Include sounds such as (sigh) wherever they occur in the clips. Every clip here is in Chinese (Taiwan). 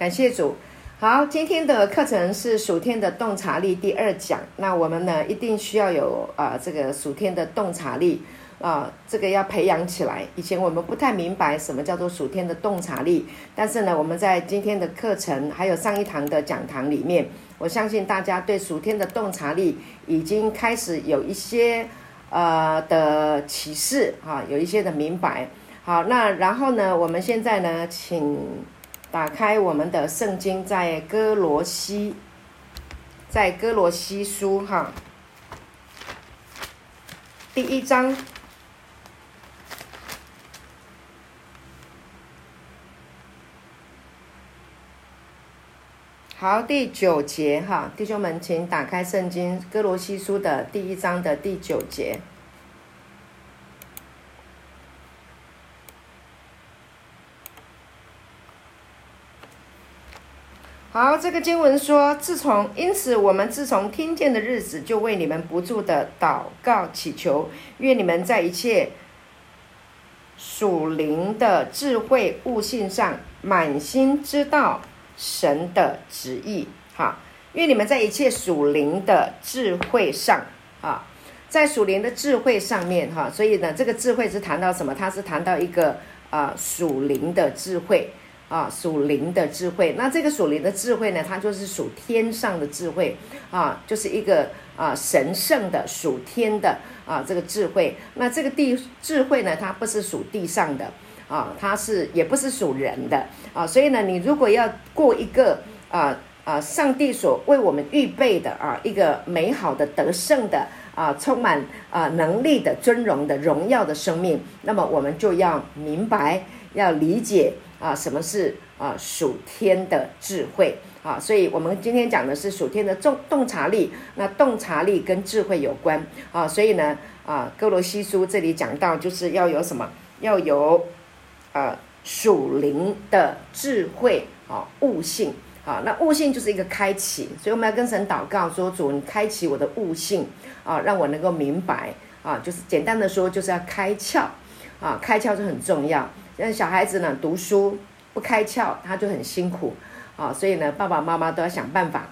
感謝主，好，今天的課程是屬天的洞察力第二講。那我們呢，一定需要有啊、呃，這個屬天的洞察力啊、呃，這個要培養起來。以前我們不太明白什麼叫做屬天的洞察力，但是呢，我們在今天的課程還有上一堂的講堂裡面，我相信大家對屬天的洞察力已經開始有一些呃的啟示啊，有一些的明白。好，那然後呢，我們現在呢，請。打開我們的聖經，在哥羅西，在哥羅西書哈，第一章，好，第九節哈，弟兄們，請打開聖經《哥羅西書》的第一章的第九節。好，這個經文說，自從因此，我們自從聽見的日子，就為你們不住的禱告祈求，願你們在一切屬靈的智慧悟性上，滿心知道神的旨意。哈，願你們在一切屬靈的智慧上，啊，在屬靈的智慧上面，哈、啊，所以呢，這個智慧是談到什麼？它是談到一個啊、呃、屬靈的智慧。啊，屬靈的智慧。那這個屬靈的智慧呢？它就是屬天上的智慧啊，就是一個啊神聖的屬天的啊這個智慧。那這個地智慧呢？它不是屬地上的啊，它是也不是屬人的啊。所以呢，你如果要過一個啊啊上帝所為我們預備的啊一個美好的得勝的啊充滿啊能力的尊榮的榮耀的生命，那麼我們就要明白，要理解。啊、呃，什麼是啊、呃、屬天的智慧啊？所以，我們今天講的是屬天的洞洞察力。那洞察力跟智慧有關啊，所以呢，啊哥羅西書這裡講到，就是要有什麼，要有呃屬靈的智慧啊，悟性啊。那悟性就是一個開啟，所以我們要跟神禱告說：主，你開啟我的悟性啊，讓我能夠明白啊。就是簡單的說，就是要開竅啊，開竅是很重要。那小孩子呢，讀書不開竅，他就很辛苦啊，所以呢，爸爸媽媽都要想辦法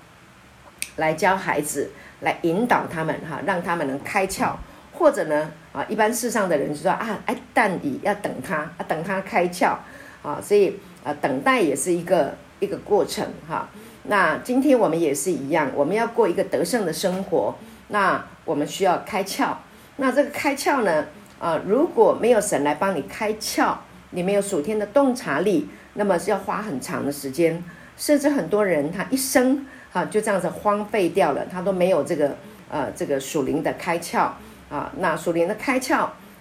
來教孩子，來引導他們哈、啊，讓他們能開竅，或者呢，啊，一般世上的人就說啊，哎，但你要等他，啊，等他開竅啊，所以啊，等待也是一個一個過程哈、啊。那今天我們也是一樣，我們要過一個得勝的生活，那我們需要開竅，那這個開竅呢，啊，如果沒有神來幫你開竅。你沒有屬天的洞察力，那麼是要花很長的時間，甚至很多人他一生啊就這樣子荒廢掉了，他都沒有這個呃這個屬靈的開竅啊。那屬靈的開竅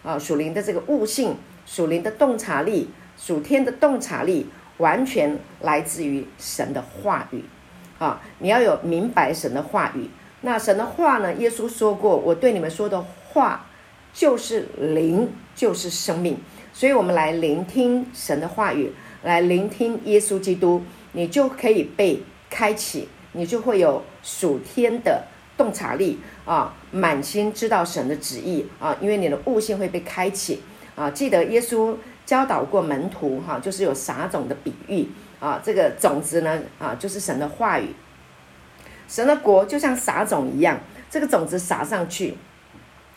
啊，屬靈的這個悟性、屬靈的洞察力、屬天的洞察力，完全來自於神的話語啊。你要有明白神的話語。那神的話呢？耶穌說過：“我對你們說的話，就是靈，就是生命。”所以，我們來聆聽神的話語，來聆聽耶穌基督，你就可以被開啟，你就會有屬天的洞察力啊，滿心知道神的旨意啊，因為你的悟性會被開啟啊。記得耶穌教導過門徒哈、啊，就是有撒種的比喻啊，這個種子呢啊，就是神的話語，神的國就像撒種一樣，這個種子撒上去，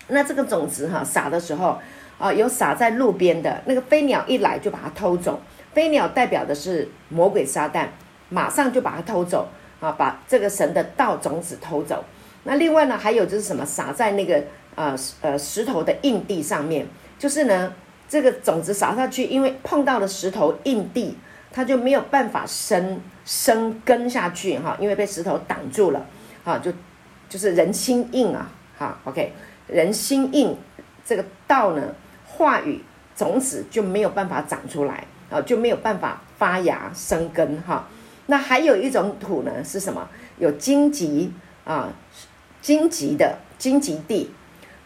那這個種子哈、啊、撒的時候。啊、哦，有撒在路邊的那個飛鳥一來就把它偷走，飛鳥代表的是魔鬼撒旦，馬上就把它偷走啊，把這個神的道種子偷走。那另外呢，還有就是什麼撒在那個呃呃石頭的硬地上面，就是呢這個種子撒下去，因為碰到了石頭硬地，它就沒有辦法生生根下去哈、啊，因為被石頭擋住了，哈、啊，就就是人心硬啊，哈、啊，OK，人心硬，這個道呢，話語種子就沒有辦法長出來啊，就沒有辦法發芽生根哈、啊。那還有一種土呢，是什麼？有荊棘啊，荊棘的荊棘地。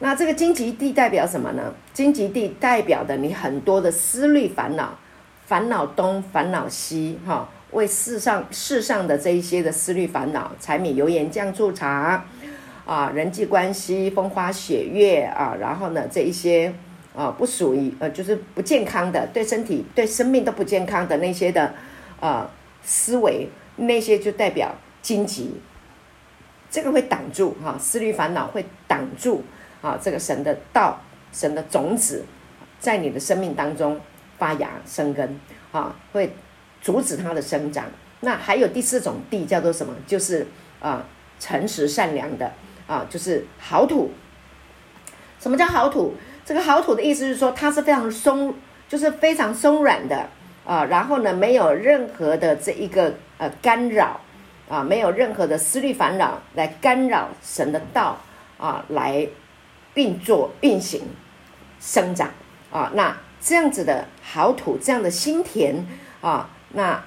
那這個荊棘地代表什麼呢？荊棘地代表的你很多的思慮煩惱，煩惱東，煩惱西哈、啊，為世上世上的這一些的思慮煩惱，柴米油鹽醬醋茶啊，人際關係，風花雪月啊，然後呢這一些。啊，不屬於呃，就是不健康的，對身體、對生命都不健康的那些的，啊、呃、思維那些就代表荊棘，這個會擋住哈，啊、思慮煩惱會擋住啊，這個神的道、神的種子，在你的生命當中發芽生根啊，會阻止它的生長。那還有第四種地叫做什麼？就是啊，誠實善良的啊，就是好土。什麼叫好土？這個好土的意思是說，它是非常鬆，就是非常鬆軟的啊。然後呢，沒有任何的這一個呃干擾啊，沒有任何的思慮煩惱來干擾神的道啊，來並做並行生長啊。那這樣子的好土，這樣的心田啊，那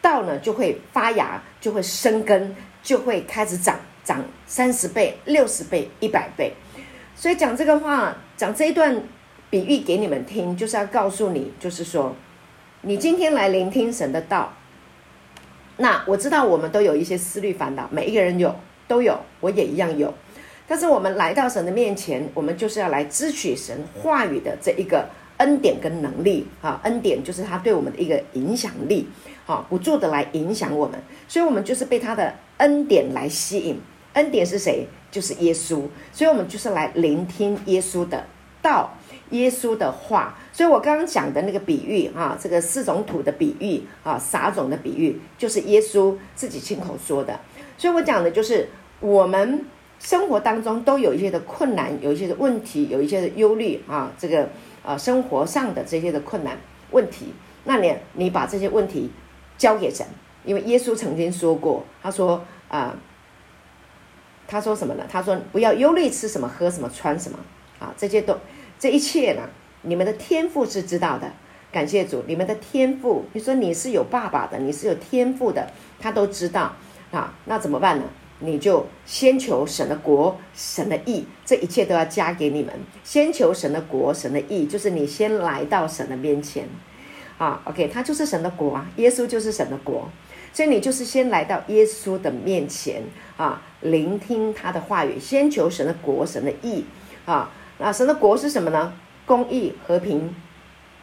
道呢就會發芽，就會生根，就會開始長長三十倍、六十倍、一百倍。所以講這個話。講這一段比喻給你們聽，就是要告訴你，就是說，你今天來聆聽神的道。那我知道我們都有一些思慮煩惱，每一個人有，都有，我也一樣有。但是我們來到神的面前，我們就是要來支取神話語的這一個恩典跟能力啊，恩典就是他對我們的一個影響力，好、啊、不住的來影響我們，所以我們就是被他的恩典來吸引。恩典是誰？就是耶穌，所以我們就是來聆聽耶穌的道、耶穌的話。所以我剛剛講的那個比喻啊，這個四種土的比喻啊，撒種的比喻，就是耶穌自己親口說的。所以我講的就是我們生活當中都有一些的困難，有一些的問題，有一些的憂慮啊，這個啊，生活上的這些的困難問題，那你你把這些問題交給神，因為耶穌曾經說過，他說啊。他說什麼呢？他說，不要憂慮吃什麼，喝什麼，穿什麼啊！這些都，這一切呢，你們的天父是知道的。感謝主，你們的天父。你說你是有爸爸的，你是有天父的，他都知道啊。那怎麼辦呢？你就先求神的國，神的義，這一切都要加給你們。先求神的國，神的義，就是你先來到神的面前啊。OK，他就是神的國啊，耶穌就是神的國。所以你就是先來到耶穌的面前啊，聆聽他的話語，先求神的國、神的義啊。那神的國是什麼呢？公義、和平，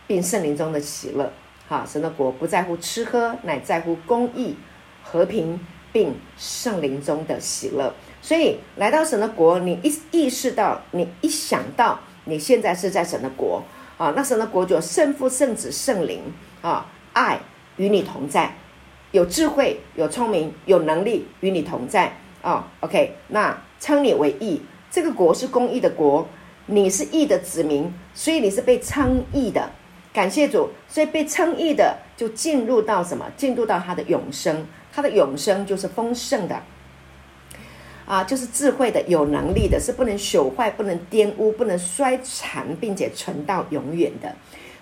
並聖靈中的喜樂。哈、啊，神的國不在乎吃喝，乃在乎公義、和平，並聖靈中的喜樂。所以來到神的國，你一意識到，你一想到你現在是在神的國啊，那神的國就聖父、聖子、聖靈啊，愛與你同在。有智慧、有聰明、有能力，與你同在哦。Oh, OK，那稱你為義，這個國是公義的國，你是義的子民，所以你是被稱義的。感謝主，所以被稱義的就進入到什麼？進入到他的永生，他的永生就是豐盛的啊，就是智慧的、有能力的，是不能朽壞、不能玷污、不能衰殘，並且存到永遠的。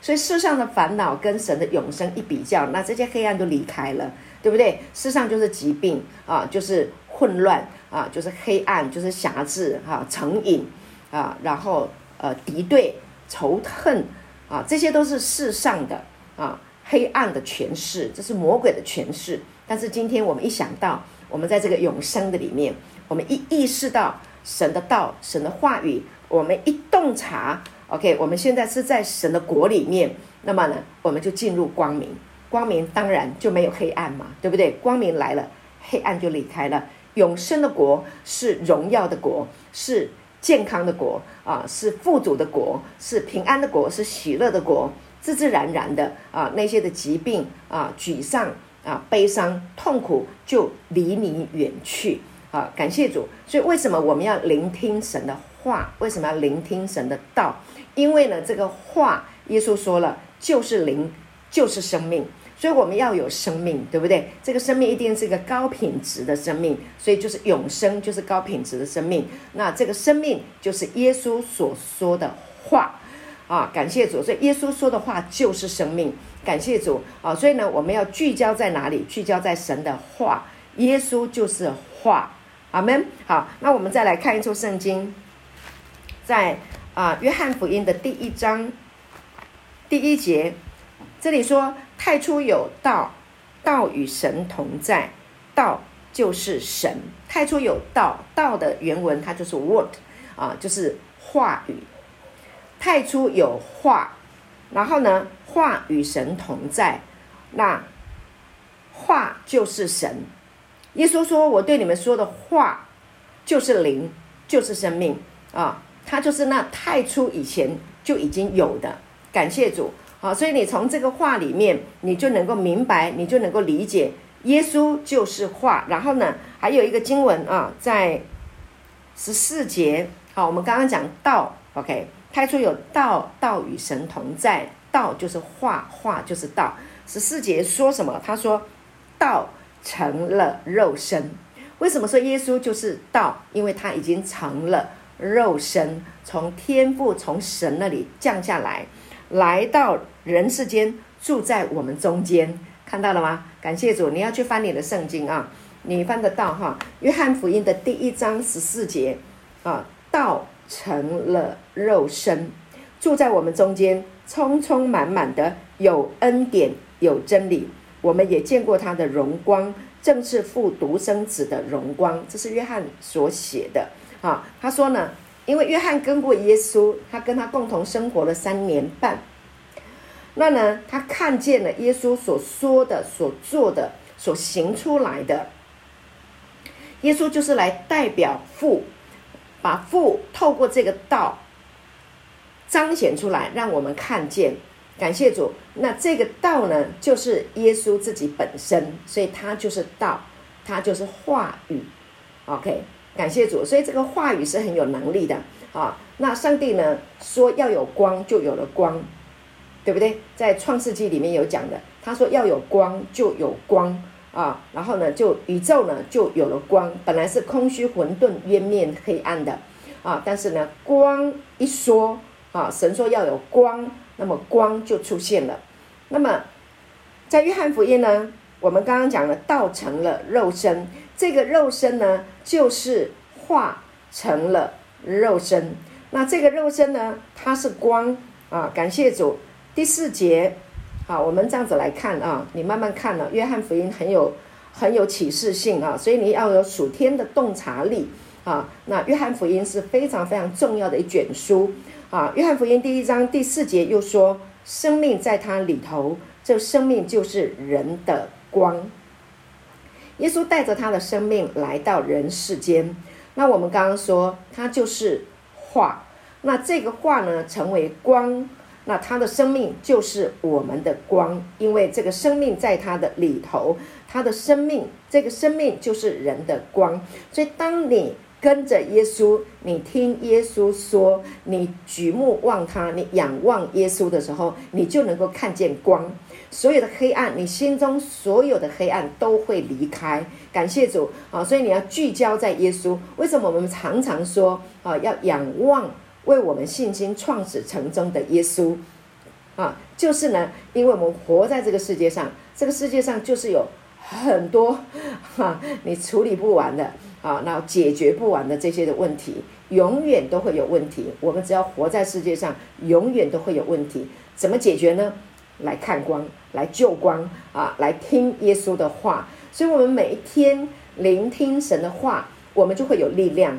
所以世上的煩惱跟神的永生一比較，那這些黑暗都離開了，對不對？世上就是疾病啊，就是混亂啊，就是黑暗，就是轄制哈，成癮啊，然後呃敵對、仇恨啊，這些都是世上的啊黑暗的詮釋，這是魔鬼的詮釋。但是今天我們一想到我們在這個永生的裡面，我們一意識到神的道、神的話語，我們一洞察。OK，我們現在是在神的國裡面，那麼呢，我們就進入光明，光明當然就沒有黑暗嘛，對不對？光明來了，黑暗就離開了。永生的國是榮耀的國，是健康的國啊，是富足的國，是平安的國，是喜樂的國，自自然然的啊，那些的疾病啊、沮喪啊、悲傷、痛苦就離你遠去啊！感謝主。所以為什麼我們要聆聽神的話？為什麼要聆聽神的道？因為呢，這個話，耶穌說了，就是靈，就是生命，所以我們要有生命，對不對？這個生命一定是一個高品質的生命，所以就是永生，就是高品質的生命。那這個生命就是耶穌所說的話啊！感謝主，所以耶穌說的話就是生命，感謝主啊！所以呢，我們要聚焦在哪裡？聚焦在神的話，耶穌就是話，阿門。好，那我們再來看一處聖經，在。啊，約翰福音的第一章第一節，這裡說：“太初有道，道與神同在，道就是神。太初有道，道的原文它就是 word 啊，就是話語。太初有話，然後呢，話與神同在，那話就是神。耶穌說，我對你們說的話就是靈，就是生命啊。”他就是那太初以前就已經有的，感謝主，好，所以你從這個話裡面，你就能夠明白，你就能夠理解，耶穌就是話。然後呢，還有一個經文啊，在十四節，好，我們剛剛講道，OK，太初有道，道與神同在，道就是話，話就是道。十四節說什麼？他說，道成了肉身。為什麼說耶穌就是道？因為他已經成了。肉身從天父，從神那裡降下來，來到人世間，住在我們中間，看到了嗎？感謝主，你要去翻你的聖經啊，你翻得到哈？約翰福音的第一章十四節啊，道成了肉身，住在我們中間，充充滿滿的有恩典有真理。我們也見過他的榮光，正是父獨生子的榮光。這是約翰所寫的。啊，他說呢，因為約翰跟過耶穌，他跟他共同生活了三年半，那呢，他看見了耶穌所說的、所做的、所行出來的。耶穌就是來代表父，把父透過這個道彰顯出來，讓我們看見。感謝主，那這個道呢，就是耶穌自己本身，所以他就是道，他就是話語。OK。感謝主，所以這個話語是很有能力的啊。那上帝呢說，要有光就有了光，對不對？在創世紀裡面有講的，他說要有光就有光啊，然後呢就宇宙呢就有了光，本來是空虛混沌，淵面黑暗的啊，但是呢光一說啊，神說要有光，那麼光就出現了。那麼在約翰福音呢，我們剛剛講了道成了肉身。這個肉身呢，就是化成了肉身。那這個肉身呢，它是光啊！感謝主。第四節，好、啊，我們這樣子來看啊，你慢慢看了、啊、約翰福音很有很有啟示性啊，所以你要有屬天的洞察力啊。那約翰福音是非常非常重要的一卷書啊。約翰福音第一章第四節又說：“生命在它裡頭，這生命就是人的光。”耶穌帶着他的生命來到人世間，那我們剛剛說他就是話，那這個話呢成為光，那他的生命就是我們的光，因為這個生命在他的裡頭，他的生命，這個生命就是人的光，所以當你跟着耶穌，你聽耶穌說，你舉目望他，你仰望耶穌的時候，你就能夠看見光。所有的黑暗，你心中所有的黑暗都會離開。感謝主啊！所以你要聚焦在耶穌。為什麼我們常常說啊，要仰望為我們信心創始成終的耶穌啊？就是呢，因為我們活在這個世界上，這個世界上就是有很多哈、啊，你處理不完的啊，那解決不完的這些的問題，永遠都會有問題。我們只要活在世界上，永遠都會有問題。怎麼解決呢？來看光，來救光啊！來聽耶穌的話，所以我們每一天聆聽神的話，我們就會有力量。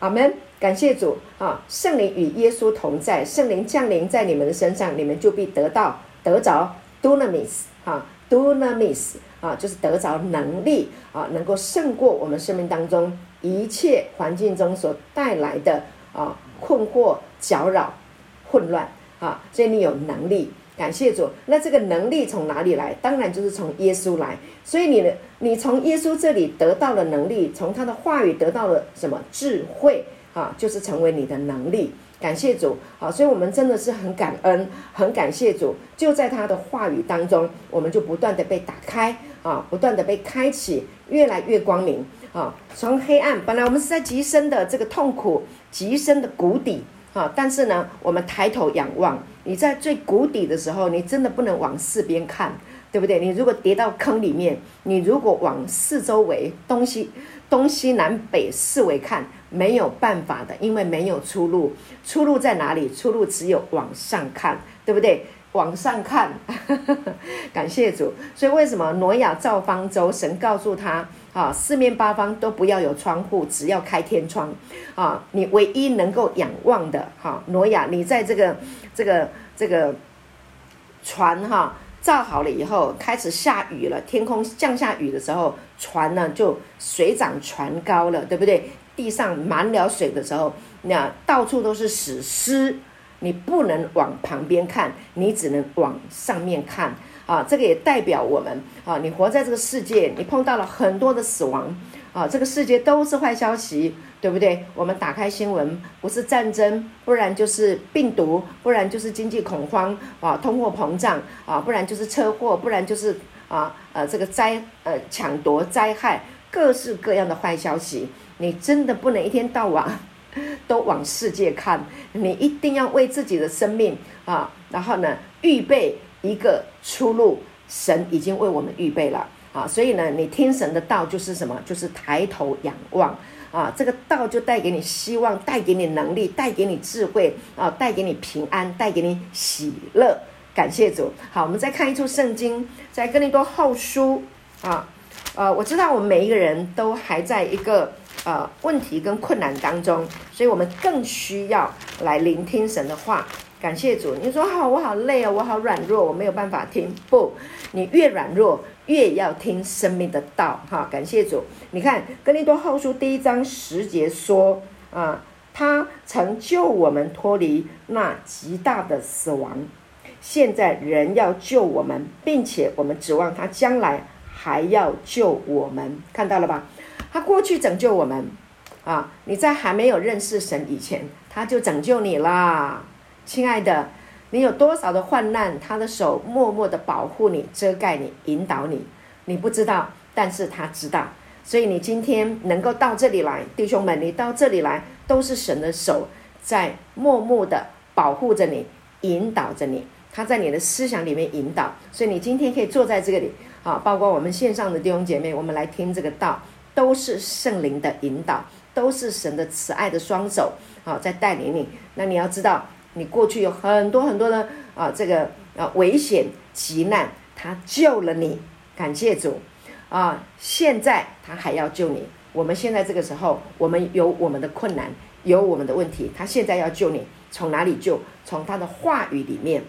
阿門！感謝主啊！聖靈與耶穌同在，聖靈降臨在你們的身上，你們就必得到得着 Dunamis 啊 Dunamis 啊，就是得着能力啊，能夠勝過我們生命當中一切環境中所帶來的啊困惑、攪擾、混亂啊，所以你有能力。感謝主，那這個能力從哪裡來？當然就是從耶穌來。所以你的，你從耶穌這裡得到了能力，從他的話語得到了什麼智慧啊？就是成為你的能力。感謝主啊！所以，我們真的是很感恩，很感謝主。就在他的話語當中，我們就不斷的被打開啊，不斷的被開啟，越來越光明啊！從黑暗，本來我們是在極深的這個痛苦、極深的谷底。啊！但是呢，我們抬頭仰望，你在最谷底的時候，你真的不能往四邊看，對不對？你如果跌到坑裡面，你如果往四周圍東西、東西南北四圍看，沒有辦法的，因為沒有出路。出路在哪裡？出路只有往上看，對不對？往上看，呵呵感謝主。所以為什麼挪亞造方舟？神告訴他。啊，四面八方都不要有窗戶，只要開天窗。啊，你唯一能夠仰望的哈，挪亞，你在這個這個這個船哈造好了以後，開始下雨了，天空降下雨的時候，船呢就水漲船高了，對不對？地上滿了水的時候，那、啊、到處都是死屍，你不能往旁邊看，你只能往上面看。啊，這個也代表我們啊，你活在這個世界，你碰到了很多的死亡啊，這個世界都是壞消息，對不對？我們打開新聞，不是戰爭，不然就是病毒，不然就是經濟恐慌啊，通貨膨脹啊，不然就是車禍，不然就是啊呃這個災呃搶奪災害，各式各樣的壞消息，你真的不能一天到晚都往世界看，你一定要為自己的生命啊，然後呢，預備。一個出路，神已經為我們預備了啊！所以呢，你聽神的道就是什麼？就是抬頭仰望啊！這個道就帶給你希望，帶給你能力，帶給你智慧啊，帶給你平安，帶給你喜樂。感謝主！好，我們再看一處聖經，在哥林多後書啊，呃，我知道我們每一個人都還在一個呃問題跟困難當中，所以我們更需要來聆聽神的話。感謝主，你說好、哦，我好累啊，哦，我好軟弱，我沒有辦法聽。不，你越軟弱，越要聽生命的道。哈，感謝主，你看《哥林多後書》第一章十節說啊，他曾救我們脫離那極大的死亡，現在仍要救我們，並且我們指望他將來還要救我們。看到了吧？他過去拯救我們啊！你在還沒有認識神以前，他就拯救你啦。親愛的，你有多少的患難，他的手默默的保護你、遮蓋你、引導你，你不知道，但是他知道。所以你今天能夠到這裡來，弟兄們，你到這裡來，都是神的手在默默的保護着你、引導着你。他在你的思想裡面引導，所以你今天可以坐在這裡，好，包括我們線上的弟兄姐妹，我們來聽這個道，都是聖靈的引導，都是神的慈愛的雙手，好，在帶領你。那你要知道。你過去有很多很多的啊，這個啊危險急難，他救了你，感謝主啊！現在他還要救你。我們現在這個時候，我們有我們的困難，有我們的問題，他現在要救你，從哪裡救？從他的話語裡面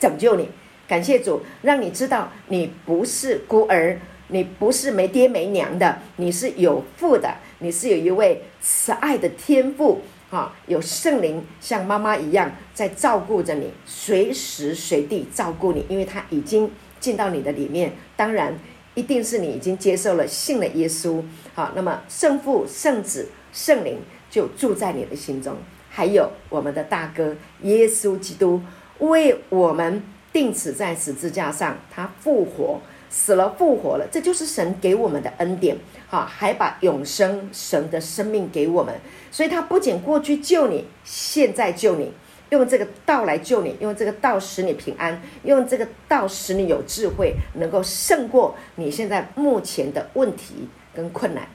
拯救你。感謝主，讓你知道你不是孤兒，你不是沒爹沒娘的，你是有父的，你是有一位慈愛的天父。哈、哦，有聖靈像媽媽一樣在照顧着你，隨時隨地照顧你，因為他已經進到你的裡面。當然，一定是你已經接受了，信了耶穌。好、哦，那麼聖父、聖子、聖靈就住在你的心中，還有我們的大哥耶穌基督為我們釘死在十字架上，他復活。死了復活了，這就是神給我們的恩典，哈、啊，還把永生神的生命給我們。所以他不僅過去救你，現在救你，用這個道來救你，用這個道使你平安，用這個道使你有智慧，能夠勝過你現在目前的問題跟困難。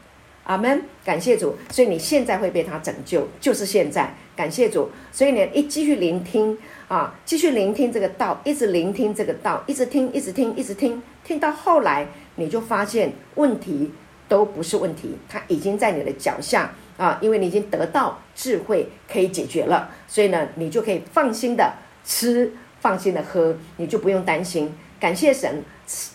阿門，感謝主。所以你現在會被他拯救，就是現在。感謝主。所以你一繼續聆聽啊，繼續聆聽這個道，一直聆聽這個道，一直聽，一直聽，一直聽。聽到後來，你就發現問題都不是問題，它已經在你的腳下啊，因為你已經得到智慧，可以解決了，所以呢，你就可以放心的吃，放心的喝，你就不用擔心。感謝神，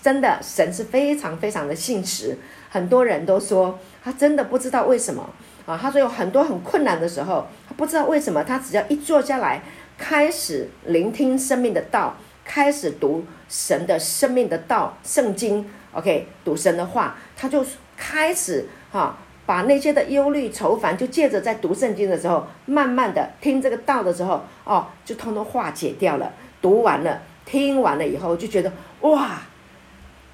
真的神是非常非常的信實。很多人都說，他真的不知道為什麼啊，他說有很多很困難的時候，他不知道為什麼，他只要一坐下來，開始聆聽生命的道。開始讀神的生命的道聖經，OK，讀神的話，他就開始哈、哦，把那些的憂慮愁煩，就借着在讀聖經的時候，慢慢的聽這個道的時候，哦，就通通化解掉了。讀完了，聽完了以後，就覺得哇，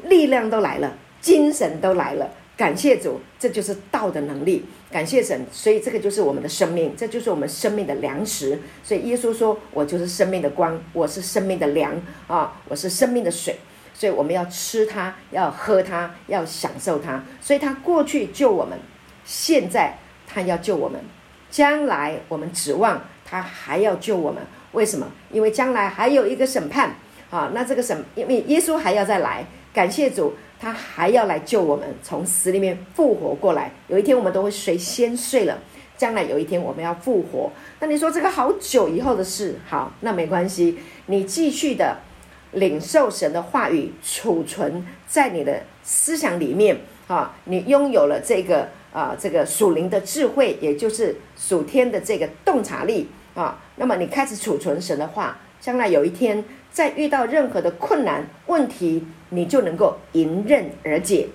力量都來了，精神都來了。感謝主，這就是道的能力。感謝神，所以這個就是我們的生命，這就是我們生命的糧食。所以耶穌說：“我就是生命的光，我是生命的糧啊，我是生命的水。”所以我們要吃它，要喝它，要享受它。所以他過去救我們，現在他要救我們，將來我們指望他還要救我們。為什麼？因為將來還有一個審判啊。那這個審，因為耶穌還要再來。感謝主。他還要來救我們，從死裡面復活過來。有一天我們都會誰先睡了。將來有一天我們要復活，那你說這個好久以後的事？好，那沒關係，你繼續的領受神的話語，儲存在你的思想裡面啊。你擁有了這個啊、呃，這個屬靈的智慧，也就是屬天的這個洞察力啊。那麼你開始儲存神的話。將來有一天，再遇到任何的困難問題，你就能夠迎刃而解，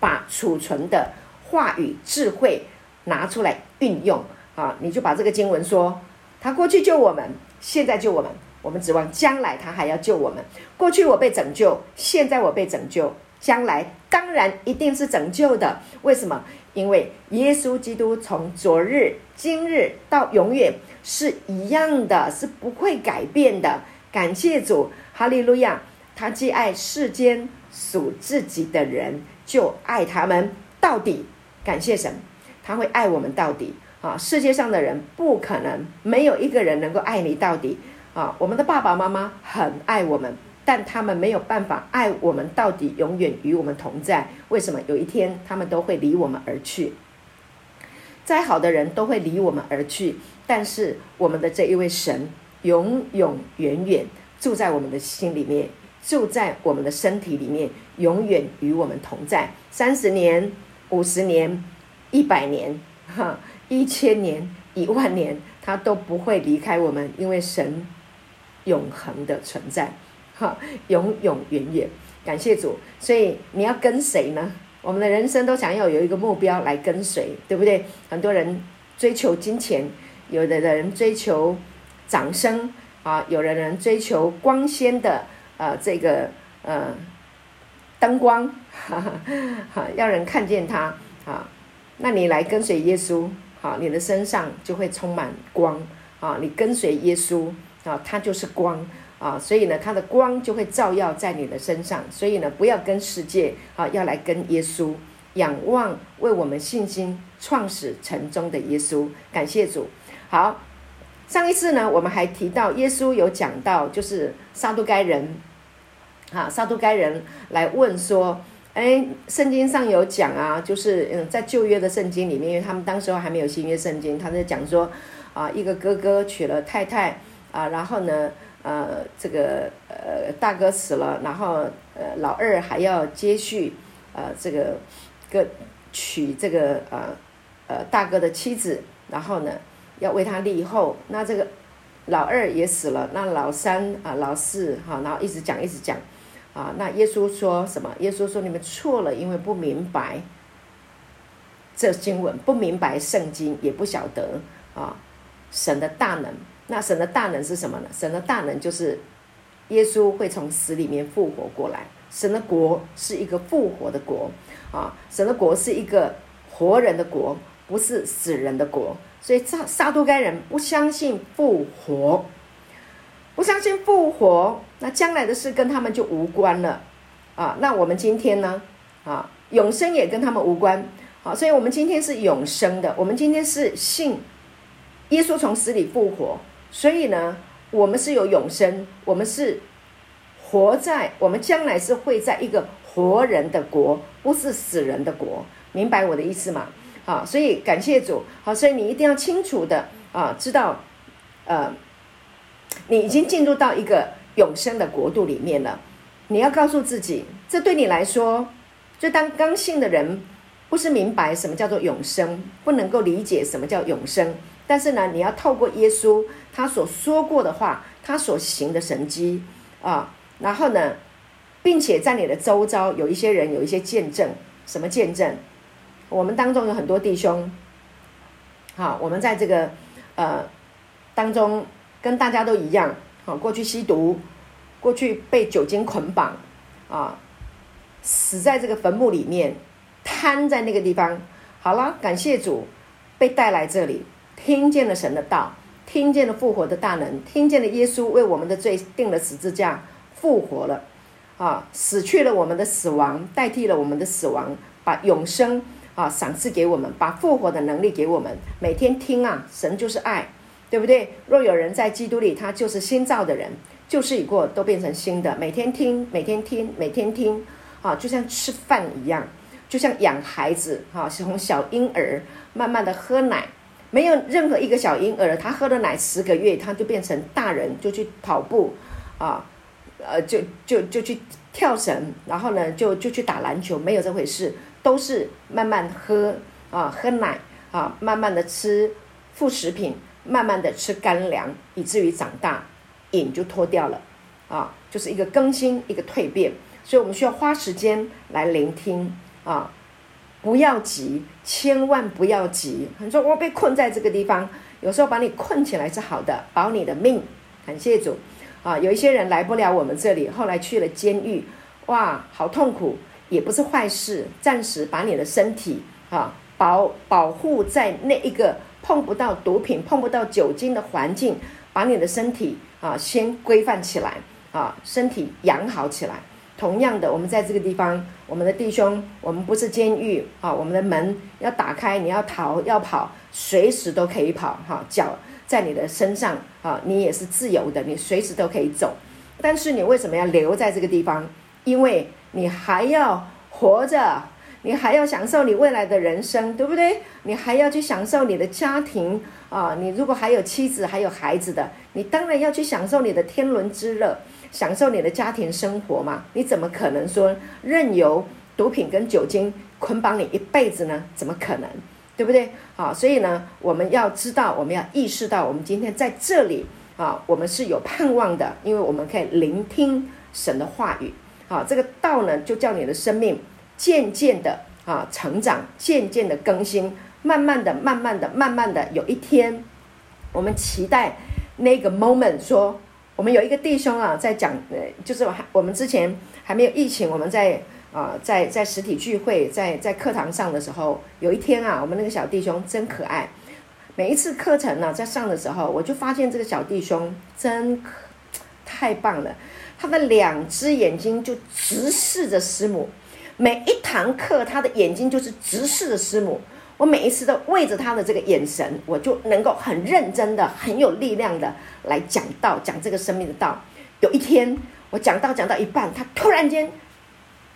把儲存的話語智慧拿出來運用啊！你就把這個經文說：他過去救我們，現在救我們，我們指望將來他還要救我們。過去我被拯救，現在我被拯救。將來當然一定是拯救的，為什麼？因為耶穌基督從昨日、今日到永遠是一樣的，是不會改變的。感謝主，哈利路亞！他既愛世間屬自己的人，就愛他們到底。感謝神，他會愛我們到底啊！世界上的人不可能沒有一個人能夠愛你到底啊！我們的爸爸媽媽很愛我們。但他們沒有辦法愛我們到底，永遠與我們同在。為什麼？有一天他們都會離我們而去。再好的人都會離我們而去，但是我們的這一位神永永遠遠住在我們的心裡面，住在我們的身體裡面，永遠與我們同在。三十年、五十年、一百年、哈、一千年、一萬年，他都不會離開我們，因為神永恆的存在。哦、永永遠遠，感謝主。所以你要跟誰呢？我們的人生都想要有一個目標來跟隨，對不對？很多人追求金錢，有的人追求掌聲啊、哦，有的人追求光鮮的呃這個呃燈光，哈哈，要人看見他啊、哦。那你來跟隨耶穌，好、哦，你的身上就會充滿光啊、哦。你跟隨耶穌啊、哦，他就是光。啊，所以呢，他的光就會照耀在你的身上。所以呢，不要跟世界啊，要來跟耶穌仰望，為我們信心創始成終的耶穌，感謝主。好，上一次呢，我們還提到耶穌有講到，就是撒都該人，啊，撒都該人來問說，哎，聖經上有講啊，就是嗯，在舊約的聖經裡面，因為他們當時還沒有新約聖經，他在講說啊，一個哥哥娶了太太啊，然後呢，呃，這個呃大哥死了，然後呃老二還要接續，呃這個個娶這個呃呃大哥的妻子，然後呢要為他立後。那這個老二也死了，那老三啊、呃、老四哈、啊，然後一直講一直講，啊那耶穌說什麼？耶穌說你們錯了，因為不明白這經文，不明白聖經，也不曉得啊神的大能。那神的大能是什麼呢？神的大能就是耶穌會從死裡面復活過來。神的國是一個復活的國啊，神的國是一個活人的國，不是死人的國。所以撒撒都該人不相信復活，不相信復活，那將來的事跟他們就無關了啊。那我們今天呢？啊，永生也跟他們無關。好、啊，所以我們今天是永生的，我們今天是信耶穌從死裡復活。所以呢，我們是有永生，我們是活在我們將來是會在一個活人的國，不是死人的國，明白我的意思嗎？啊，所以感謝主，好，所以你一定要清楚的啊，知道，呃，你已經進入到一個永生的國度裡面了。你要告訴自己，這對你來說，就當剛信的人，不是明白什麼叫做永生，不能夠理解什麼叫永生，但是呢，你要透過耶穌。他所說過的話，他所行的神蹟啊，然後呢，並且在你的周遭有一些人有一些見證，什麼見證？我們當中有很多弟兄，好，啊，我們在這個呃當中跟大家都一樣，啊，過去吸毒，過去被酒精捆綁啊，死在這個墳墓裡面，癱在那個地方。好了，感謝主，被帶來這裡，聽見了神的道。聽見了復活的大能，聽見了耶穌為我們的罪釘了十字架，復活了，啊，死去了我們的死亡，代替了我們的死亡，把永生啊賞賜給我們，把復活的能力給我們。每天聽啊，神就是愛，對不對？若有人在基督裡，他就是新造的人，舊事已過，都變成新的。每天聽，每天聽，每天聽，啊，就像吃飯一樣，就像養孩子，啊，從小嬰兒慢慢的喝奶。沒有任何一個小嬰兒，他喝了奶十個月，他就變成大人，就去跑步，啊，呃，就就就去跳繩，然後呢，就就去打籃球，沒有這回事，都是慢慢喝啊，喝奶啊，慢慢的吃副食品，慢慢的吃乾糧，以至於長大，癮就脫掉了，啊，就是一個更新，一個蛻變，所以我們需要花時間來聆聽啊。不要急，千萬不要急。你說我被困在這個地方，有時候把你困起來是好的，保你的命。感謝主啊！有一些人來不了我們這裡，後來去了監獄，哇，好痛苦，也不是壞事。暫時把你的身體啊保保護在那一個碰不到毒品、碰不到酒精的環境，把你的身體啊先規範起來啊，身體養好起來。同樣的，我們在這個地方，我們的弟兄，我們不是監獄啊，我們的門要打開，你要逃要跑，隨時都可以跑哈、啊，腳在你的身上啊，你也是自由的，你隨時都可以走，但是你為什麼要留在這個地方？因為你還要活着。你還要享受你未來的人生，對不對？你還要去享受你的家庭啊！你如果還有妻子、還有孩子的，你當然要去享受你的天倫之樂，享受你的家庭生活嘛。你怎麼可能說任由毒品跟酒精捆綁你一輩子呢？怎麼可能？對不對？好、啊，所以呢，我們要知道，我們要意識到，我們今天在這裡啊，我們是有盼望的，因為我們可以聆聽神的話語。好、啊，這個道呢，就叫你的生命。漸漸的啊，成長，漸漸的更新，慢慢的，慢慢的，慢慢的，有一天，我們期待那個 moment，說我們有一個弟兄啊，在講、呃，就是我們之前還沒有疫情，我們在啊、呃，在在實體聚會，在在課堂上的時候，有一天啊，我們那個小弟兄真可愛，每一次課程呢、啊、在上的時候，我就發現這個小弟兄真可太棒了，他的兩隻眼睛就直視着師母。每一堂課，他的眼睛就是直視着師母。我每一次都為着他的這個眼神，我就能夠很認真的、很有力量的來講道，講這個生命的道。有一天，我講道講到一半，他突然間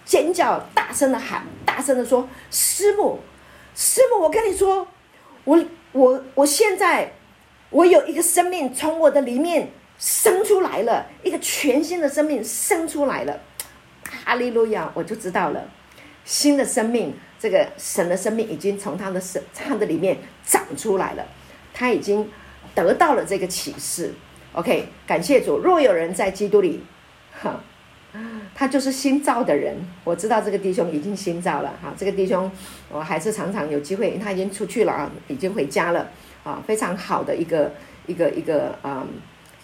尖叫，大聲的喊，大聲的說：“師母，師母，我跟你說，我我我現在，我有一個生命從我的裡面生出來了，一個全新的生命生出來了。”哈利路亞！我就知道了，新的生命，這個神的生命已經從他的神他的裡面長出來了，他已經得到了這個啟示。OK，感謝主。若有人在基督裡，哈，他就是新造的人。我知道這個弟兄已經新造了哈，這個弟兄我還是常常有機會，他已經出去了啊，已經回家了啊，非常好的一個一個一個啊。嗯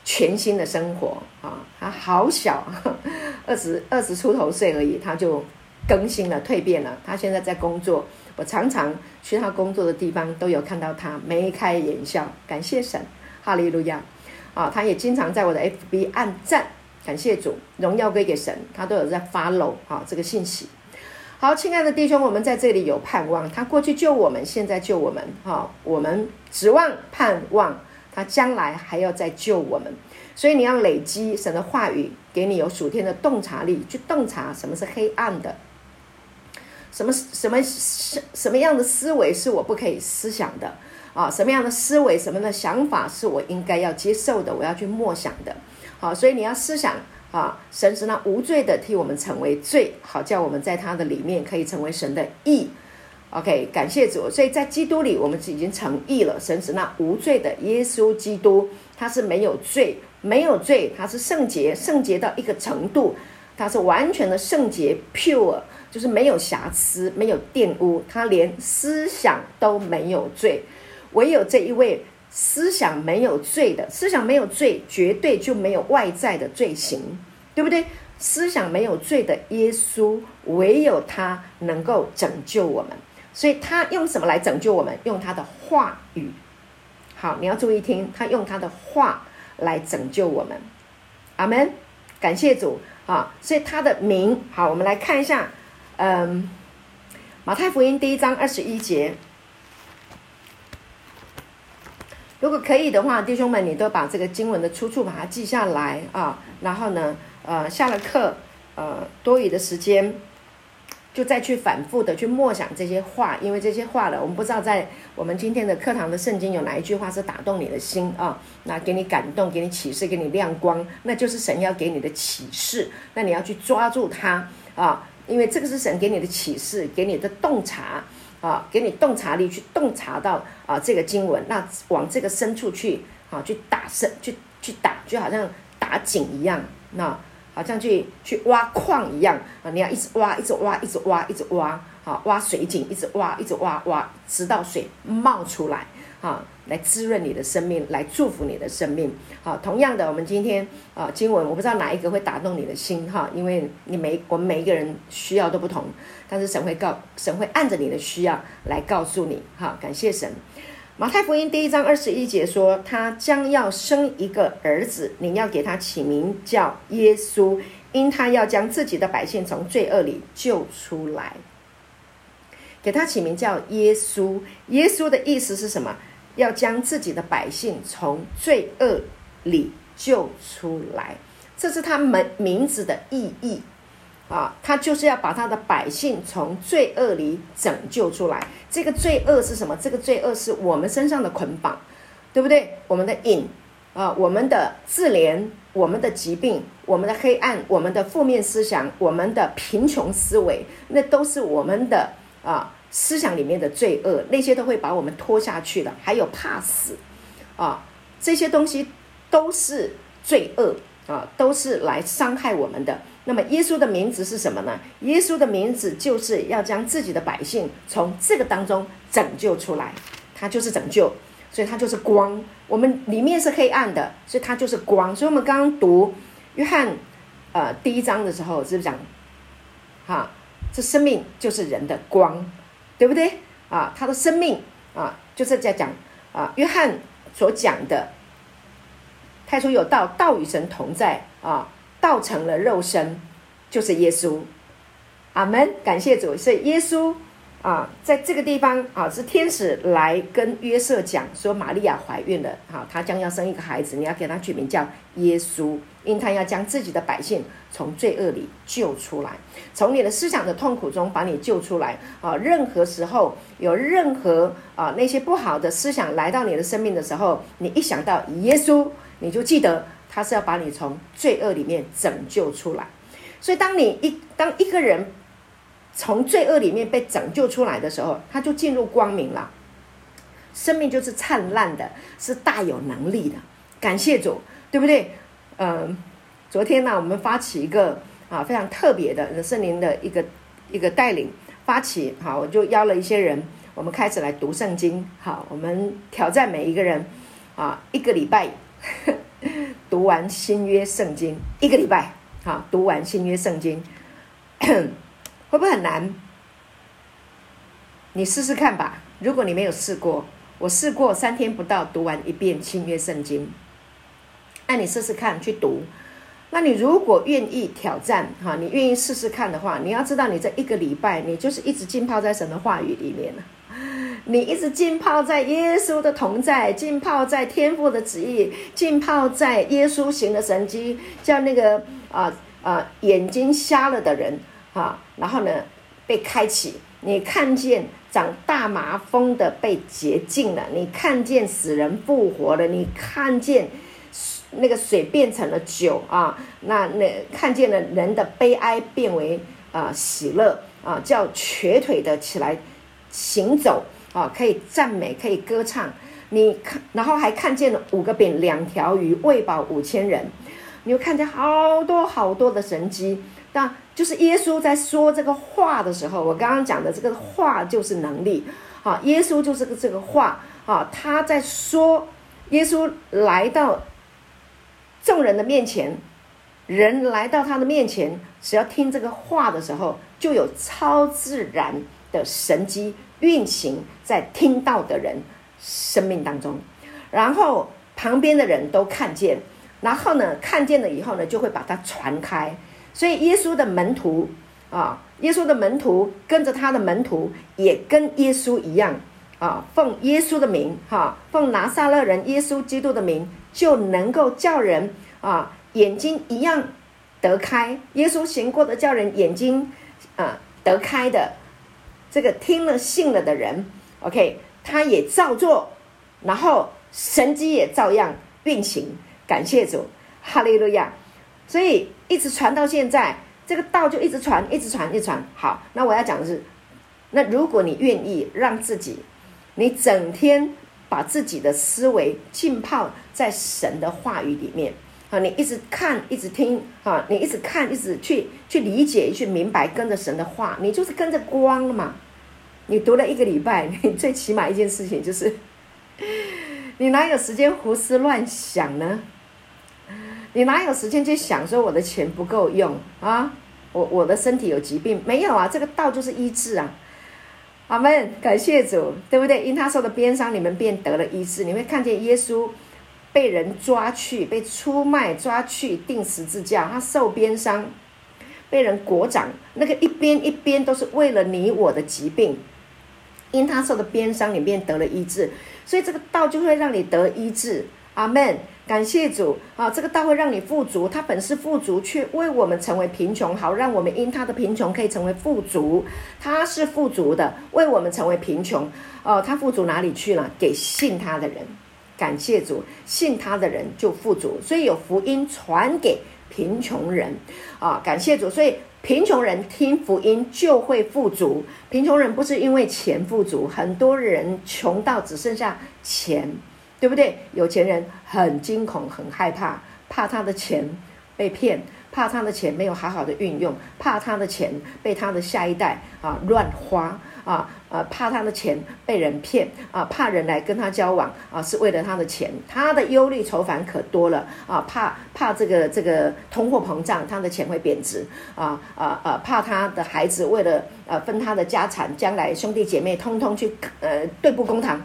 全新的生活啊，他好小，二十二十出頭歲而已，他就更新了、蛻變了。他現在在工作，我常常去他工作的地方，都有看到他眉開眼笑，感謝神，哈利路亞！啊，他也經常在我的 FB 按讚，感謝主，榮耀歸給神，他都有在 follow 啊這個信息。好，親愛的弟兄，我們在這裡有盼望，他過去救我們，現在救我們，哈、啊，我們指望盼望。那、啊、將來還要再救我們，所以你要累積神的話語，給你有屬天的洞察力，去洞察什麼是黑暗的，什麼什麼什什麼樣的思維是我不可以思想的啊？什麼樣的思維，什麼樣的想法是我應該要接受的，我要去默想的。好、啊，所以你要思想啊，神是那無罪的替我們成為罪，好叫我們在他的裡面可以成為神的義。O.K. 感謝主，所以在基督裡，我們是已經稱義了。神使那無罪的耶穌基督，他是沒有罪，沒有罪，他是聖潔，聖潔到一個程度，他是完全的聖潔，pure，就是沒有瑕疵，沒有玷污，他連思想都沒有罪。唯有這一位思想沒有罪的，思想沒有罪，絕對就沒有外在的罪行，對不對？思想沒有罪的耶穌，唯有他能夠拯救我們。所以他用什麼來拯救我們？用他的話語。好，你要注意聽，他用他的話來拯救我們。阿門，感謝主啊！所以他的名，好，我們來看一下，嗯，《馬太福音》第一章二十一節。如果可以的話，弟兄們，你都把這個經文的出處把它記下來啊。然後呢，呃，下了課，呃，多餘的時間。就再去反覆的去默想這些話，因為這些話呢，我們不知道在我們今天的課堂的聖經有哪一句話是打動你的心啊？那給你感動，給你啟示，給你亮光，那就是神要給你的啟示。那你要去抓住它啊，因為這個是神給你的啟示，給你的洞察啊，給你洞察力去洞察到啊這個經文，那往這個深處去啊，去打深，去去打，就好像打井一樣那。啊好像去去挖礦一樣啊，你要一直挖，一直挖，一直挖，一直挖，好，挖水井，一直挖，一直挖，挖，直到水冒出來，哈、啊，來滋潤你的生命，來祝福你的生命，好，同樣的，我們今天啊，經文我不知道哪一個會打動你的心，哈、啊，因為你每，我們每一個人需要都不同，但是神會告，神會按着你的需要來告訴你，哈、啊，感謝神。馬太福音第一章二十一節說：“他將要生一個兒子，你要給他起名叫耶穌，因他要將自己的百姓從罪惡裡救出來。給他起名叫耶穌。耶穌的意思是什麼？要將自己的百姓從罪惡裡救出來，這是他們名，名字的意義。”啊，他就是要把他的百姓從罪惡裡拯救出來。這個罪惡是什麼？這個罪惡是我們身上的捆綁，對不對？我們的癮啊，我們的自憐，我們的疾病，我們的黑暗，我們的負面思想，我們的貧窮思維，那都是我們的啊思想裡面的罪惡，那些都會把我們拖下去的。還有怕死啊，這些東西都是罪惡啊，都是來傷害我們的。那麼耶穌的名字是什麼呢？耶穌的名字就是要將自己的百姓從這個當中拯救出來，他就是拯救，所以他就是光。我們裡面是黑暗的，所以他就是光。所以，我們剛剛讀約翰呃第一章的時候，是不是講，哈、啊，這生命就是人的光，對不對？啊，他的生命啊，就是在講啊，約翰所講的，太初有道，道與神同在啊。道成了肉身，就是耶穌。阿門，感謝主。所以耶穌啊，在這個地方啊，是天使來跟約瑟講說，瑪利亞懷孕了，啊，他將要生一個孩子，你要給他取名叫耶穌，因他要將自己的百姓從罪惡裡救出來，從你的思想的痛苦中把你救出來。啊，任何時候有任何啊那些不好的思想來到你的生命的時候，你一想到耶穌，你就記得。他是要把你從罪惡裡面拯救出來，所以當你一當一個人從罪惡裡面被拯救出來的時候，他就進入光明了，生命就是燦爛的，是大有能力的。感謝主，對不對？嗯，昨天呢，啊，我們發起一個啊非常特別的聖靈的一個一個帶領發起，好，我就邀了一些人，我們開始來讀聖經，好，我們挑戰每一個人啊，一個禮拜。呵呵讀完新約聖經一個禮拜，好、啊，讀完新約聖經，會不會很難？你試試看吧。如果你沒有試過，我試過三天不到讀完一遍新約聖經，那你試試看去讀。那你如果願意挑戰，哈、啊，你願意試試看的話，你要知道，你這一個禮拜，你就是一直浸泡在神的話語裡面了。你一直浸泡在耶穌的同在，浸泡在天父的旨意，浸泡在耶穌行的神蹟，叫那個啊啊、呃呃、眼睛瞎了的人啊，然後呢被開啟，你看見長大麻風的被潔淨了，你看見死人復活了，你看見那個水變成了酒啊，那那看見了人的悲哀變為啊、呃、喜樂啊，叫瘸腿的起來行走。啊，可以讚美，可以歌唱。你看，然後還看見了五個餅兩條魚，餵飽五千人。你又看見好多好多的神蹟。但、啊、就是耶穌在說這個話的時候，我剛剛講的這個話就是能力。啊，耶穌就是、這個這個話。啊，他在說，耶穌來到眾人的面前，人來到他的面前，只要聽這個話的時候，就有超自然的神蹟。運行在聽道的人生命當中，然後旁邊的人都看見，然後呢，看見了以後呢，就會把它傳開。所以，耶穌的門徒啊，耶穌的門徒跟着他的門徒，也跟耶穌一樣啊，奉耶穌的名哈、啊，奉拿撒勒人耶穌基督的名，就能夠叫人啊眼睛一樣得開。耶穌行過的叫人眼睛啊得開的。這個聽了信了的人，OK，他也照做，然後神蹟，也照樣運行，感謝主，哈利路亞。所以一直傳到現在，這個道就一直傳，一直傳，一直傳。好，那我要講的是，那如果你願意讓自己，你整天把自己的思維浸泡在神的話語裡面。啊，你一直看，一直聽，啊，你一直看，一直去去理解，去明白，跟着神的話，你就是跟着光了嘛。你讀了一個禮拜，你最起碼一件事情就是，你哪有時間胡思亂想呢？你哪有時間去想說我的錢不夠用啊？我我的身體有疾病沒有啊？這個道就是醫治啊。阿門，感謝主，對不對？因他受的鞭傷，你們便得了醫治。你會看見耶穌。被人抓去，被出賣，抓去釘十字架，他受鞭傷，被人裹掌，那個一鞭一鞭都是為了你我的疾病，因他受的鞭傷裡面得了醫治，所以這個道就會讓你得醫治。阿門，感謝主啊！這個道會讓你富足，他本是富足，卻為我們成為貧窮，好讓我們因他的貧窮可以成為富足。他是富足的，為我們成為貧窮。哦、啊，他富足哪裡去了？給信他的人。感謝主，信他的人就富足，所以有福音傳給貧窮人啊！感謝主，所以貧窮人聽福音就會富足。貧窮人不是因為錢富足，很多人窮到只剩下錢，對不對？有錢人很驚恐、很害怕，怕他的錢被騙，怕他的錢沒有好好的運用，怕他的錢被他的下一代啊亂花。啊，啊怕他的錢被人騙啊！怕人來跟他交往啊！是為了他的錢，他的憂慮愁煩可多了啊！怕怕這個這個通貨膨脹，他的錢會貶值啊啊，啊怕他的孩子為了呃、啊、分他的家產，將來兄弟姐妹通通去呃對簿公堂，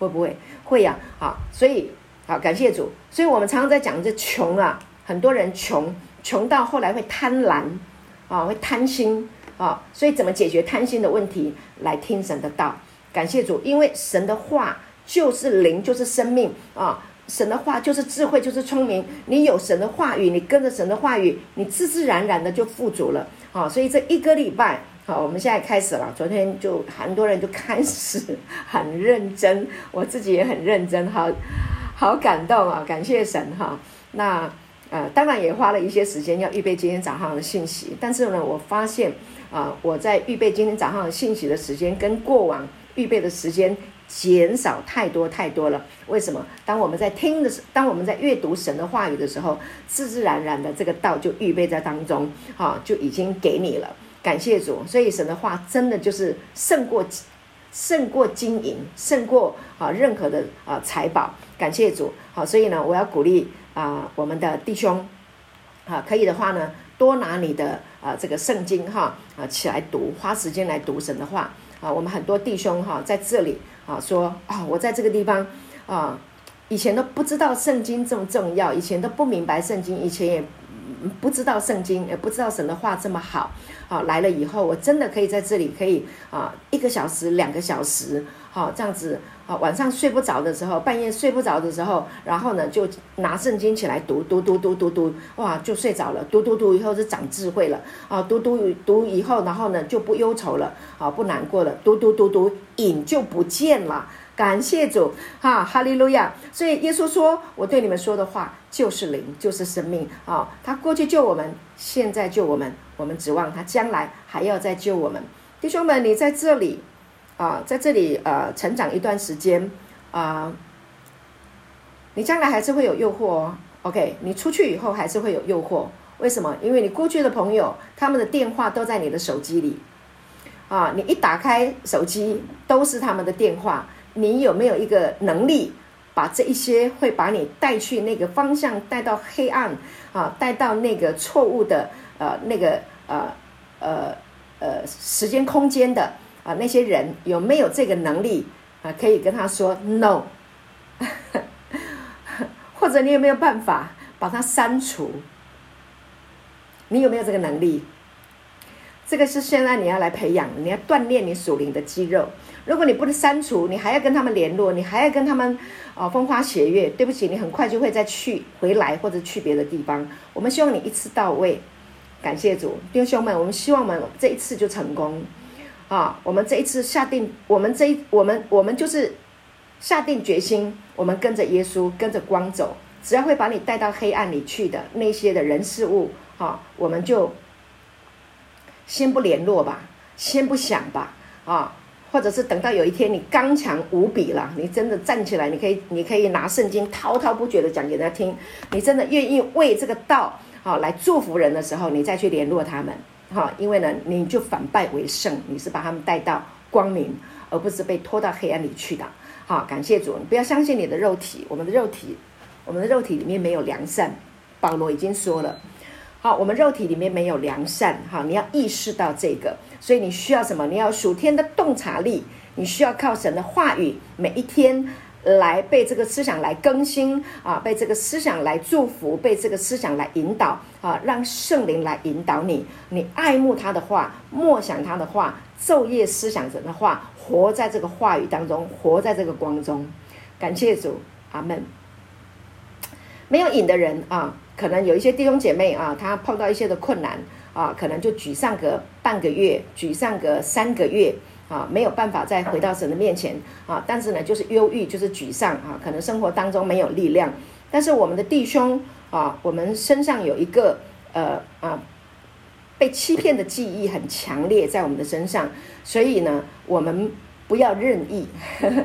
會不會？會呀、啊！好、啊，所以好、啊、感謝主，所以我們常常在講這窮啊，很多人窮，窮到後來會貪婪啊，會貪心。啊、哦，所以怎麼解決貪心的問題？來聽神的道，感謝主，因為神的話就是靈，就是生命啊、哦。神的話就是智慧，就是聰明。你有神的話語，你跟着神的話語，你自自然然的就富足了。啊、哦。所以這一個禮拜，好、哦，我們現在開始了。昨天就很多人就開始很認真，我自己也很認真，哈，好感動啊！感謝神、啊，哈。那呃，當然也花了一些時間要預備今天早上的信息，但是呢，我發現。啊！我在預備今天早上的信息的時間，跟過往預備的時間減少太多太多了。為什麼？當我們在聽的時，當我們在閱讀神的話語的時候，自自然然的這個道就預備在當中，啊，就已經給你了。感謝主。所以神的話真的就是勝過勝過金銀，勝過啊任何的啊財寶。感謝主。好，啊，所以呢，我要鼓勵啊我們的弟兄，啊可以的話呢，多拿你的。啊，這個聖經哈啊，起來讀，花時間來讀神的話啊。我們很多弟兄哈、啊、在這裡啊說啊、哦，我在這個地方啊，以前都不知道聖經這麼重要，以前都不明白聖經，以前也不知道聖經，也不知道神的話這麼好啊。來了以後，我真的可以在這裡，可以啊，一個小時、兩個小時，好、啊、這樣子。啊，晚上睡不着的時候，半夜睡不着的時候，然後呢，就拿聖經起來讀讀讀讀讀讀，哇，就睡着了。讀讀讀以後是長智慧了啊，讀讀讀以後，然後呢就不憂愁了，啊，不難過了。讀讀讀讀癮就不見了。感謝主，哈，哈利路亞。所以耶穌說，我對你們說的話就是靈，就是生命啊。他過去救我們，現在救我們，我們指望他將來還要再救我們。弟兄們，你在這裡。啊，在這裡呃，成長一段時間啊，你將來還是會有誘惑哦。OK，你出去以後還是會有誘惑，為什麼？因為你過去的朋友，他們的電話都在你的手機裡啊，你一打開手機都是他們的電話。你有沒有一個能力，把這一些會把你帶去那個方向，帶到黑暗啊，帶到那個錯誤的呃那個呃呃呃時間空間的？啊，那些人有沒有這個能力啊？可以跟他說 no？ (laughs) 或者你有沒有辦法把他刪除？你有沒有這個能力？這個是現在你要來培養，你要鍛鍊你屬靈的肌肉。如果你不能刪除，你還要跟他們聯絡，你還要跟他們啊風花雪月。對不起，你很快就會再去回來或者去別的地方。我們希望你一次到位。感謝主，弟兄們，我們希望我們這一次就成功。啊、哦，我們這一次下定，我們這一，我們我們就是下定決心，我們跟着耶穌，跟着光走。只要會把你帶到黑暗裡去的那些的人事物，啊、哦，我們就先不聯絡吧，先不想吧，啊、哦，或者是等到有一天你剛強無比了，你真的站起來，你可以，你可以拿聖經滔滔不絕的講給他聽。你真的願意為這個道，啊、哦，來祝福人的時候，你再去聯絡他們。哈，因為呢，你就反敗為勝，你是把他們帶到光明，而不是被拖到黑暗裡去的。好，感謝主，不要相信你的肉體，我們的肉體，我們的肉體裡面沒有良善。保羅已經說了，好，我們肉體裡面沒有良善。哈，你要意識到這個，所以你需要什麼？你要屬天的洞察力，你需要靠神的話語，每一天。來被這個思想來更新啊，被這個思想來祝福，被這個思想來引導啊，讓聖靈來引導你。你愛慕他的話，默想他的話，晝夜思想他的話，活在這個話語當中，活在這個光中。感謝主，阿門。沒有影的人啊，可能有一些弟兄姐妹啊，他碰到一些的困難啊，可能就沮喪個半個月，沮喪個三個月。啊，沒有辦法再回到神的面前啊！但是呢，就是憂鬱，就是沮喪啊，可能生活當中沒有力量。但是我們的弟兄啊，我們身上有一個呃啊被欺騙的記憶很強烈在我們的身上，所以呢，我們不要任意呵呵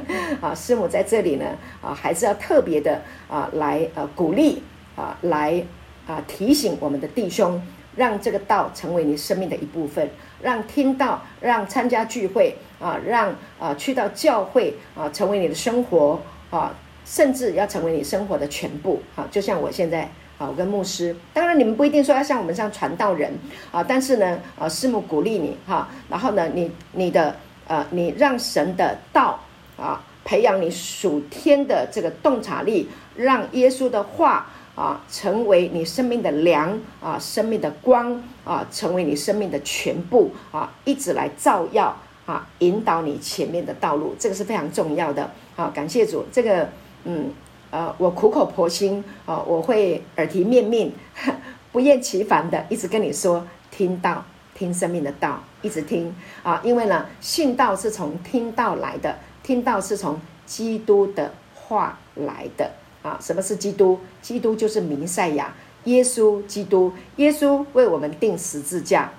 啊。師母在這裡呢啊，還是要特別的啊來呃鼓勵啊來啊、呃、提醒我們的弟兄。讓這個道成為你生命的一部分，讓聽道，讓參加聚會啊，讓啊去到教會啊，成為你的生活啊，甚至要成為你生活的全部啊。就像我現在啊，我跟牧師，當然你們不一定說要像我們這樣傳道人啊，但是呢啊，師母鼓勵你哈、啊，然後呢，你你的呃、啊，你讓神的道啊，培養你屬天的這個洞察力，讓耶穌的話。啊，成為你生命的糧，啊，生命的光啊，成為你生命的全部啊，一直來照耀啊，引導你前面的道路，這個是非常重要的。好、啊，感謝主，這個，嗯，呃，我苦口婆心啊，我會耳提面命，呵不厭其煩的一直跟你說，聽道，聽生命的道，一直聽啊，因為呢，信道是從聽道來的，聽道是從基督的話來的。啊，什麼是基督？基督就是彌賽亞，耶穌基督。耶穌為我們釘十字架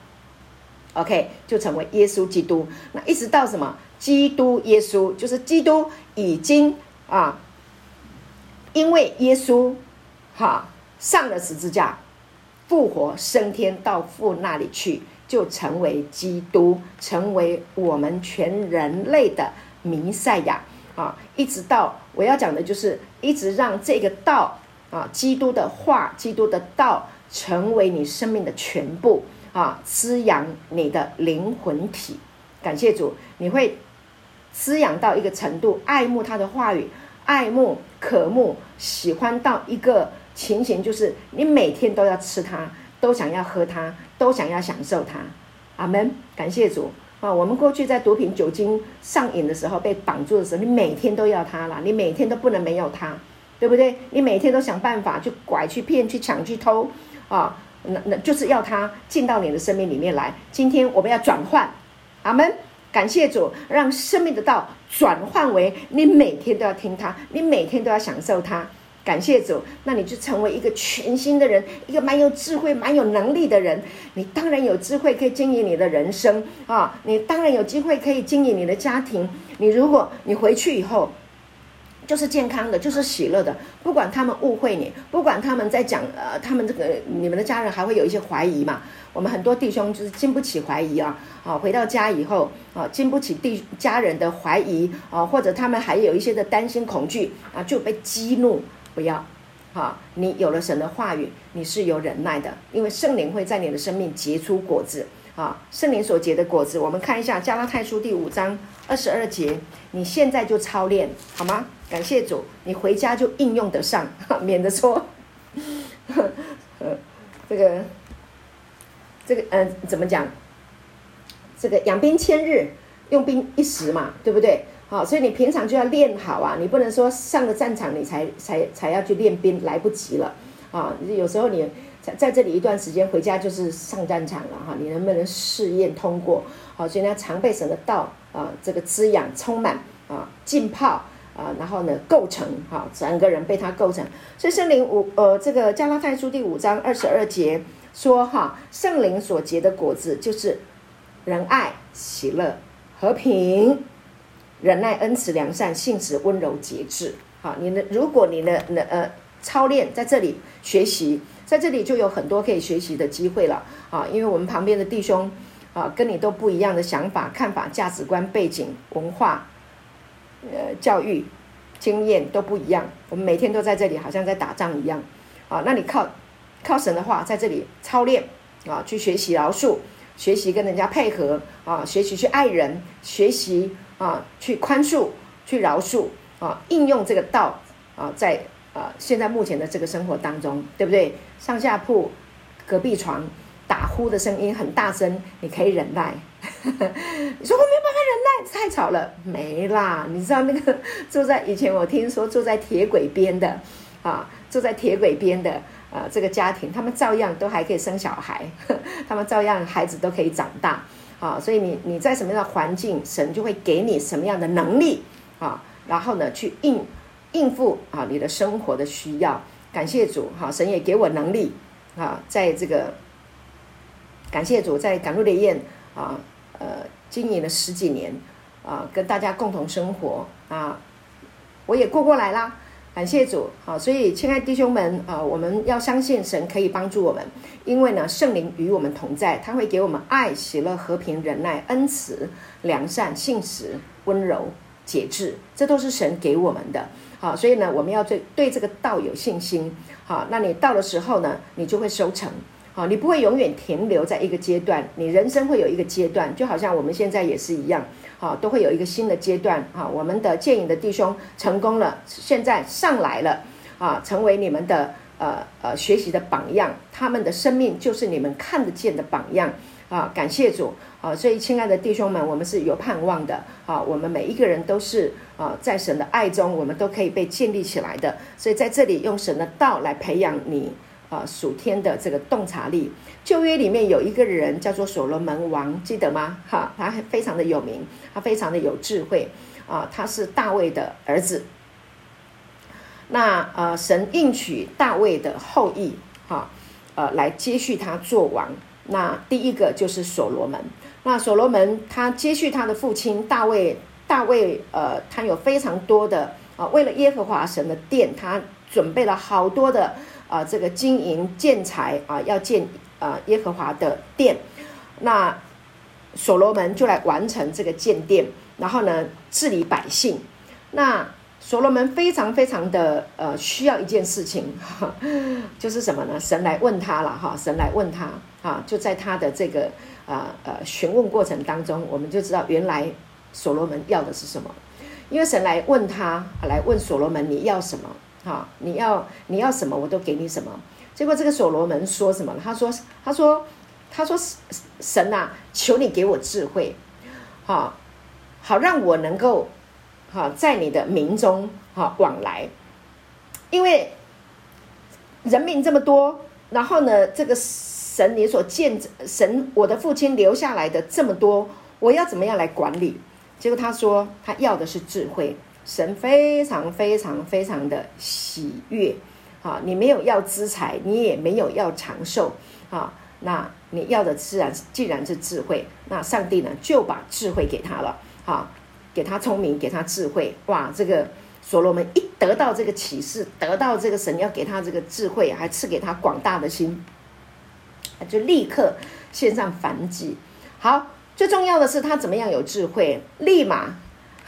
，OK，就成為耶穌基督。那一直到什麼？基督耶穌就是基督已經啊，因為耶穌哈、啊、上了十字架，復活升天到父那裡去，就成為基督，成為我們全人類的彌賽亞啊，一直到。我要講的就是一直讓這個道啊，基督的話、基督的道成為你生命的全部啊，滋養你的靈魂體。感謝主，你會滋養到一個程度，愛慕他的話語，愛慕、渴慕、喜歡到一個情形，就是你每天都要吃它，都想要喝它，都想要享受它。阿門，感謝主。啊、哦，我們過去在毒品、酒精上癮的時候，被綁住的時候，你每天都要它啦，你每天都不能沒有它，對不對？你每天都想辦法去拐、去騙、去搶、去偷，啊、哦，那那就是要它進到你的生命裡面來。今天我們要轉換，阿門！感謝主，讓生命的道轉換為你每天都要聽它，你每天都要享受它。感謝主，那你就成為一個全新的人，一個蠻有智慧，蠻有能力的人。你當然有智慧可以經營你的人生啊，你當然有機會可以經營你的家庭。你如果你回去以後，就是健康的，就是喜樂的。不管他們誤會你，不管他們在講呃，他們這個你們的家人還會有一些懷疑嘛。我們很多弟兄就是經不起懷疑啊，啊，回到家以後啊，經不起弟家人的懷疑啊，或者他們還有一些的擔心、恐懼啊，就被激怒。不要，哈！你有了神的話語，你是有忍耐的，因為聖靈會在你的生命結出果子啊！聖靈所結的果子，我們看一下《加拉太書》第五章二十二節，你現在就操練好嗎？感謝主，你回家就應用得上，呵免得說呵，這個，這個，嗯、呃，怎麼講？這個養兵千日，用兵一時嘛，對不對？好、哦，所以你平常就要練好啊！你不能說上了戰場你才才才要去練兵，來不及了啊！有時候你在這裡一段時間，回家就是上戰場了哈、啊！你能不能試驗通過？好、啊，所以呢，常被神的道啊，這個滋養、充滿啊、浸泡啊，然後呢，構成哈、啊，整個人被他構成。所以聖靈五呃，這個加拉太書第五章二十二節說哈、啊，聖靈所結的果子就是仁愛、喜樂、和平。忍耐、恩慈、良善、性子溫柔、節制。好，你呢，如果你呢能呃操練在這裡學習，在這裡就有很多可以學習的機會了啊！因為我們旁邊的弟兄啊，跟你都不一樣的想法、看法、價值觀、背景、文化、呃教育經驗都不一樣。我們每天都在這裡，好像在打仗一樣啊！那你靠靠神的話，在這裡操練啊，去學習饒恕，學習跟人家配合啊，學習去愛人，學習。啊，去寬恕，去饒恕啊！應用這個道啊，在啊、呃、現在目前的這個生活當中，對不對？上下鋪，隔壁床打呼的聲音很大聲，你可以忍耐。呵呵，你說我沒有辦法忍耐，太吵了，沒啦。你知道那個坐在以前我聽說坐在鐵軌邊的啊，坐在鐵軌邊的啊，這個家庭他們照樣都還可以生小孩呵，他們照樣孩子都可以長大。啊，所以你你在什麼樣的環境，神就會給你什麼樣的能力啊，然後呢，去應應付啊你的生活的需要。感謝主，哈、啊，神也給我能力啊，在這個感謝主在，在趕路的宴啊，呃，經營了十幾年啊，跟大家共同生活啊，我也過過來啦。感謝主，好，所以親愛弟兄們，啊，我們要相信神可以幫助我們，因為呢，聖靈與我們同在，他會給我們愛、喜樂、和平、忍耐、恩慈、良善、信實、溫柔、節制，這都是神給我們的，好，所以呢，我們要對對這個道有信心，好，那你到的時候呢，你就會收成。好，你不會永遠停留在一個階段，你人生會有一個階段，就好像我們現在也是一樣，好、啊，都會有一個新的階段。啊，我們的劍影的弟兄成功了，現在上來了，啊，成為你們的呃呃學習的榜樣，他們的生命就是你們看得見的榜樣。啊，感謝主啊！所以親愛的弟兄們，我們是有盼望的啊！我們每一個人都是啊，在神的愛中，我們都可以被建立起來的。所以在這裡，用神的道來培養你。啊，屬天的這個洞察力，《舊約》裡面有一個人叫做所羅門王，記得嗎？哈，他非常的有名，他非常的有智慧，啊，他是大衛的兒子。那呃，神應許大衛的後裔，哈、啊，呃，來接續他做王。那第一個就是所羅門。那所羅門他接續他的父親大衛，大衛呃，他有非常多的啊，為了耶和華神的殿，他準備了好多的。啊、呃，這個經營建材啊、呃，要建啊、呃、耶和華的殿，那所羅門就來完成這個建殿，然後呢治理百姓。那所羅門非常非常的呃需要一件事情，哈，就是什麼呢？神來問他了哈，神來問他啊，就在他的這個啊呃,呃詢問過程當中，我們就知道原來所羅門要的是什麼，因為神來問他，來問所羅門你要什麼。好、哦，你要你要什麼，我都給你什麼。結果這個所羅門說什麼？他說：“他說，他說神啊，求你給我智慧，好、哦，好讓我能夠好、哦、在你的名中好、哦、往來，因為人民這麼多。然後呢，這個神你所見，神，我的父親留下來的這麼多，我要怎麼樣來管理？結果他說他要的是智慧。”神非常非常非常的喜悅，哈！你沒有要資財，你也沒有要長壽，哈！那你要的自然既然是智慧，那上帝呢就把智慧給他了，哈！給他聰明，給他智慧，哇！這個所羅門一得到這個啟示，得到這個神要給他這個智慧，還賜給他廣大的心，就立刻獻上燔祭。好，最重要的是他怎麼樣有智慧，立馬。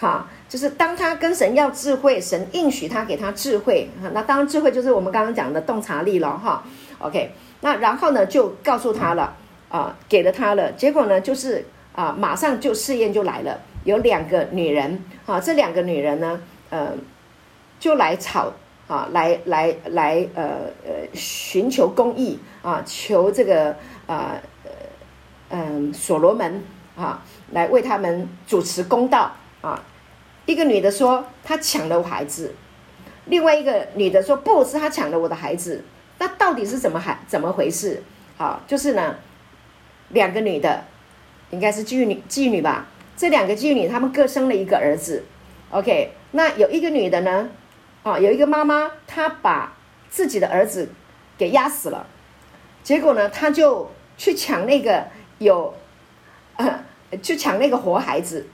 哈，就是當他跟神要智慧，神應許他給他智慧。哈，那當然，智慧就是我們剛剛講的洞察力咯哈。OK，那然後呢，就告訴他了啊，給了他了。結果呢，就是啊，馬上就試驗就來了，有兩個女人啊，這兩個女人呢，呃，就來吵啊，來來來，呃呃，尋求公義啊，求這個啊，嗯、呃，所羅門啊，來為他們主持公道啊。一個女的說，她搶了我孩子，另外一個女的說 (noise) 不是她搶了我的孩子，那到底是怎麼還怎麼回事？好、啊，就是呢，兩個女的，應該是妓女妓女，吧？這兩個妓女她們各生了一個兒子。OK，那有一個女的呢，啊，有一個媽媽她把自己的兒子給壓死了，結果呢，她就去搶那個有，呃、去搶那個活孩子。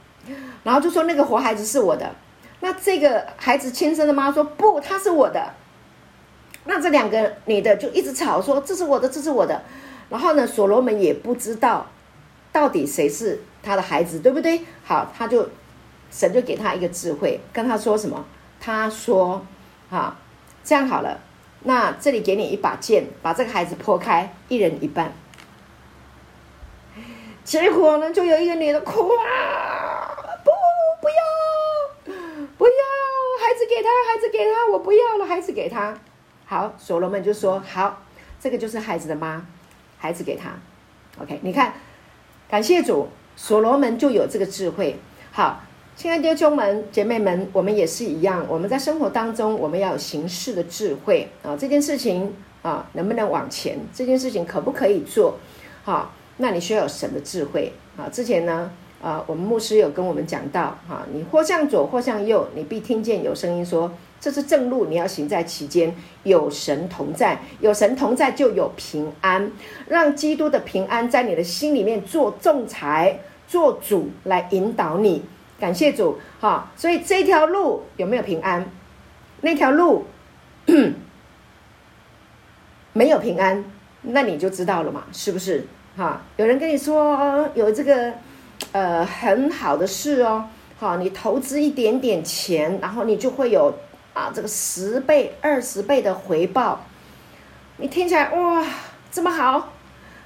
然後就說，那個活孩子是我的，那這個孩子親生的媽說不，他是我的。那這兩個女的就一直吵說，這是我的，這是我的。然後呢，所羅門也不知道到底誰是他的孩子，對不對？好，他就神就給他一個智慧，跟他說什麼？他說：啊，這樣好了，那這裡給你一把劍，把這個孩子剖開，一人一半。結果呢，就有一個女的哭啊。孩子給他，孩子給他，我不要了。孩子給他，好。所羅門就說：“好，這個就是孩子的媽，孩子給他。”OK，你看，感謝主，所羅門就有這個智慧。好，親愛的弟兄們、姐妹們，我們也是一樣。我們在生活當中，我們要有行事的智慧啊、哦。這件事情啊、哦，能不能往前？這件事情可不可以做？好、哦，那你需要有神的智慧啊、哦。之前呢？啊，我們牧師有跟我們講到，哈、啊，你或向左，或向右，你必聽見有聲音說：“這是正路，你要行在其間，有神同在，有神同在就有平安。”讓基督的平安在你的心裡面做仲裁、做主來引導你。感謝主，哈、啊！所以這條路有沒有平安？那條路沒有平安，那你就知道了嘛，是不是？哈、啊，有人跟你說有這個。呃，很好的事哦，好，你投資一點點錢，然後你就會有啊這個十倍、二十倍的回報。你聽起來哇這麼好，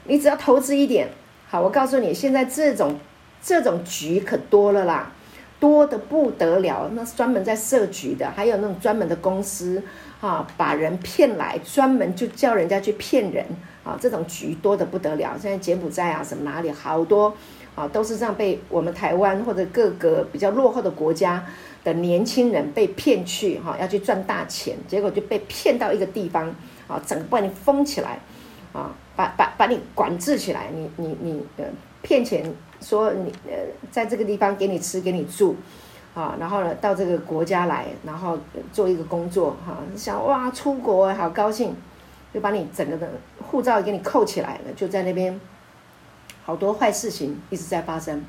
你只要投資一點，好，我告訴你，現在這種這種局可多了啦，多得不得了。那是專門在設局的，還有那種專門的公司啊，把人騙來，專門就叫人家去騙人啊，這種局多得不得了。現在柬埔寨啊，什麼哪裡好多。啊，都是這樣被我們台灣或者各個比較落後的國家的年輕人被騙去哈、啊，要去賺大錢，結果就被騙到一個地方，啊，整個把你封起來，啊，把把把你管制起來，你你你呃騙錢，說你呃在這個地方給你吃給你住，啊，然後呢到這個國家來，然後做一個工作哈、啊，你想哇出國、欸、好高興，就把你整個的護照給你扣起來了，就在那邊。好多壞事情一直在發生，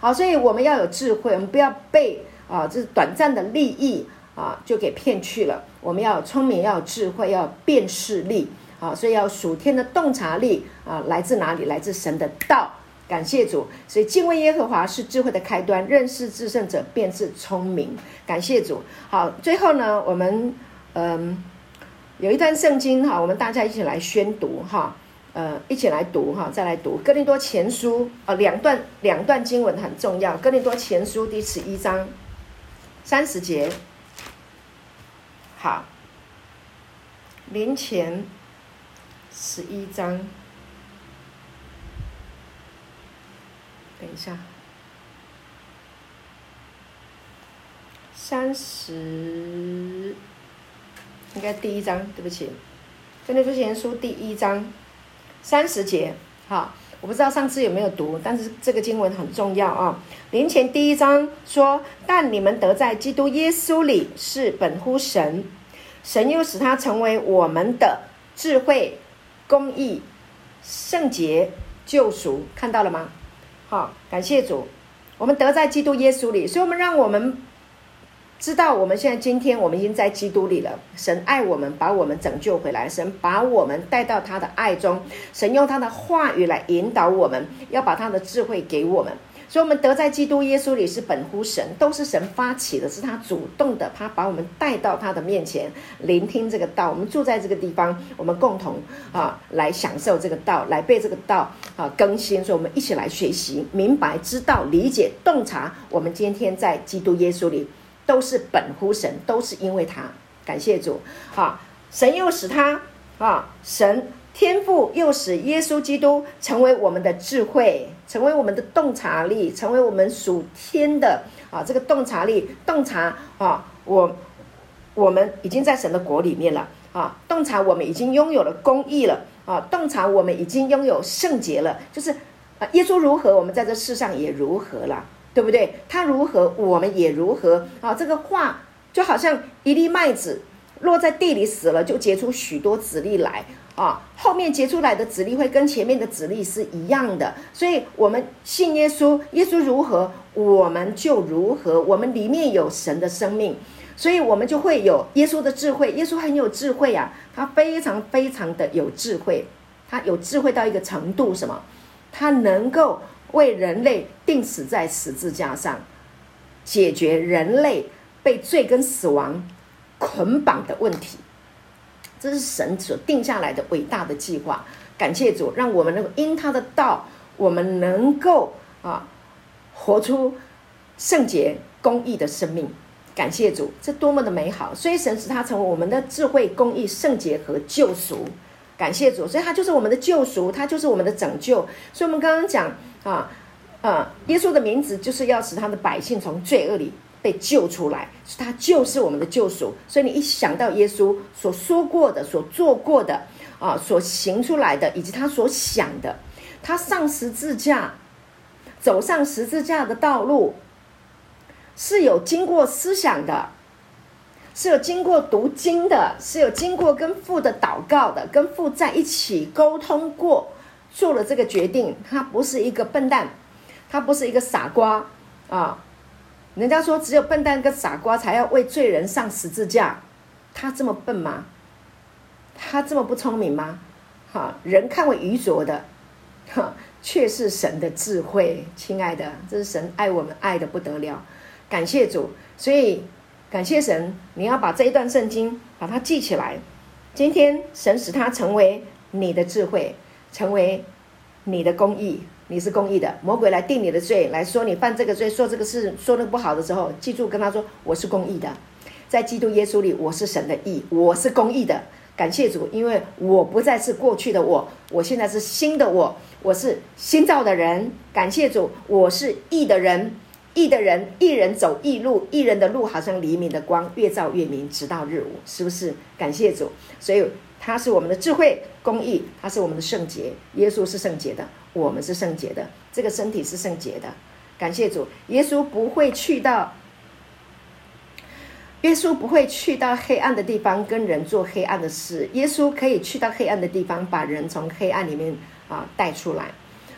好，所以我們要有智慧，我們不要被啊，呃就是、短暫的利益啊、呃、就給騙去了。我們要聰明，要有智慧，要有辨識力。呃、所以要屬天的洞察力啊、呃，來自哪裡？來自神的道。感謝主。所以敬畏耶和華是智慧的開端，認識至聖者便是聰明。感謝主。好，最後呢，我們嗯、呃，有一段聖經哈、呃，我們大家一起來宣讀哈。呃呃，一起來讀哈，再來讀《哥林多前書》啊、哦，兩段兩段經文很重要，《哥林多前書》第十一章三十節，好，林前十一章，等一下，三十，應該第一章，對不起，《哥林多前書》第一章。三十節，好，我不知道上次有沒有讀，但是這個經文很重要啊。林前第一章說：“但你們得在基督耶穌裡是本乎神，神又使他成為我們的智慧、公義、聖潔、救贖。救贖”看到了嗎？好，感謝主，我們得在基督耶穌裡，所以，我們讓我們。知道我們現在今天我們已經在基督裡了。神愛我們，把我們拯救回來。神把我們帶到他的愛中。神用他的話語來引導我們，要把他的智慧給我們。所以，我們得在基督耶穌裡是本乎神，都是神發起的，是他主動的，他把我們帶到他的面前，聆聽這個道。我們住在這個地方，我們共同啊來享受這個道，來被這個道啊更新。所以，我們一起來學習，明白、知道、理解、洞察。我們今天在基督耶穌裡，都是本乎神，都是因為他，感謝主啊！神又使他啊，神天父又使耶穌基督成為我們的智慧，成為我們的洞察力，成為我們屬天的啊這個洞察力，洞察啊！我我們已經在神的國裡面了啊！洞察我們已經擁有了公義了啊！洞察我們已經擁有聖潔了，就是啊，耶穌如何，我們在這世上也如何了。對不對？他如何，我們也如何啊！這個話就好像一粒麥子落在地裡死了，就結出許多子粒來啊！後面結出來的子粒會跟前面的子粒是一樣的。所以，我們信耶穌，耶穌如何，我們就如何。我們裡面有神的生命，所以我們就會有耶穌的智慧。耶穌很有智慧呀，啊，他非常非常的有智慧，他有智慧到一個程度，什麼？他能夠。為人類釘死在十字架上，解決人類被罪跟死亡捆綁的問題，這是神所定下來的偉大的計劃。感謝主，讓我們能夠因他的道，我們能夠啊，活出聖潔、公義的生命。感謝主，這多麼的美好！所以神使他成為我們的智慧、公義、聖潔和救贖。感謝主，所以他就是我們的救贖，他就是我們的拯救。所以我們剛剛講啊，啊，耶穌的名字就是要使他的百姓從罪惡裡被救出來，所以他就是我們的救贖。所以你一想到耶穌所說過的、所做過的啊、所行出來的，以及他所想的，他上十字架，走上十字架的道路，是有經過思想的。是有經過讀經的，是有經過跟父的禱告的，跟父在一起溝通過，做了這個決定。他不是一個笨蛋，他不是一個傻瓜啊！人家說只有笨蛋跟傻瓜才要為罪人上十字架，他這麼笨嗎？他這麼不聰明嗎？哈、啊，人看為愚拙的，哈、啊，卻是神的智慧。親愛的，這是神愛我們愛得不得了，感謝主。所以。感謝神，你要把這一段聖經把它記起來。今天神使它成為你的智慧，成為你的公義。你是公義的。魔鬼來定你的罪，來說你犯這個罪，說這個事說的不好的時候，記住跟他說：“我是公義的，在基督耶穌裡，我是神的義，我是公義的。”感謝主，因為我不再是過去的我，我現在是新的我，我是新造的人。感謝主，我是義的人。義的人，義人走義路，義人的路好像黎明的光，越照越明，直到日午，是不是？感謝主，所以他是我們的智慧、公義，他是我們的聖潔。耶穌是聖潔的，我們是聖潔的，這個身體是聖潔的。感謝主，耶穌不會去到，耶穌不會去到黑暗的地方跟人做黑暗的事。耶穌可以去到黑暗的地方，把人從黑暗裡面啊帶出來。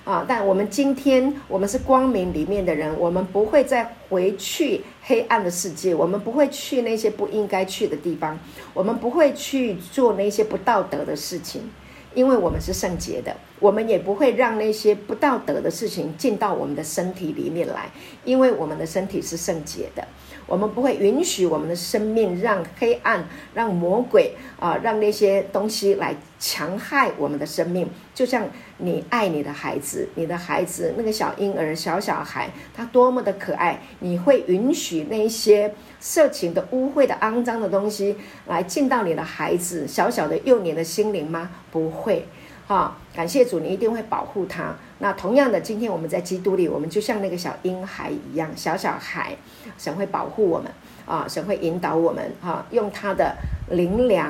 啊！但我們今天，我們是光明裡面的人，我們不會再回去黑暗的世界，我們不會去那些不應該去的地方，我們不會去做那些不道德的事情，因為我們是聖潔的，我們也不會讓那些不道德的事情進到我們的身體裡面來，因為我們的身體是聖潔的，我們不會允許我們的生命讓黑暗、讓魔鬼啊、讓那些東西來強害我們的生命，就像。你愛你的孩子，你的孩子，那個小嬰兒、小小孩，他多麼的可愛，你會允許那些色情的、污穢的、骯髒的東西來進到你的孩子小小的幼年的心靈嗎？不會，哈、哦！感謝主，你一定會保護他。那同樣的，今天我們在基督裡，我們就像那個小嬰孩一樣，小小孩，神會保護我們啊、哦，神會引導我們啊、哦，用他的靈糧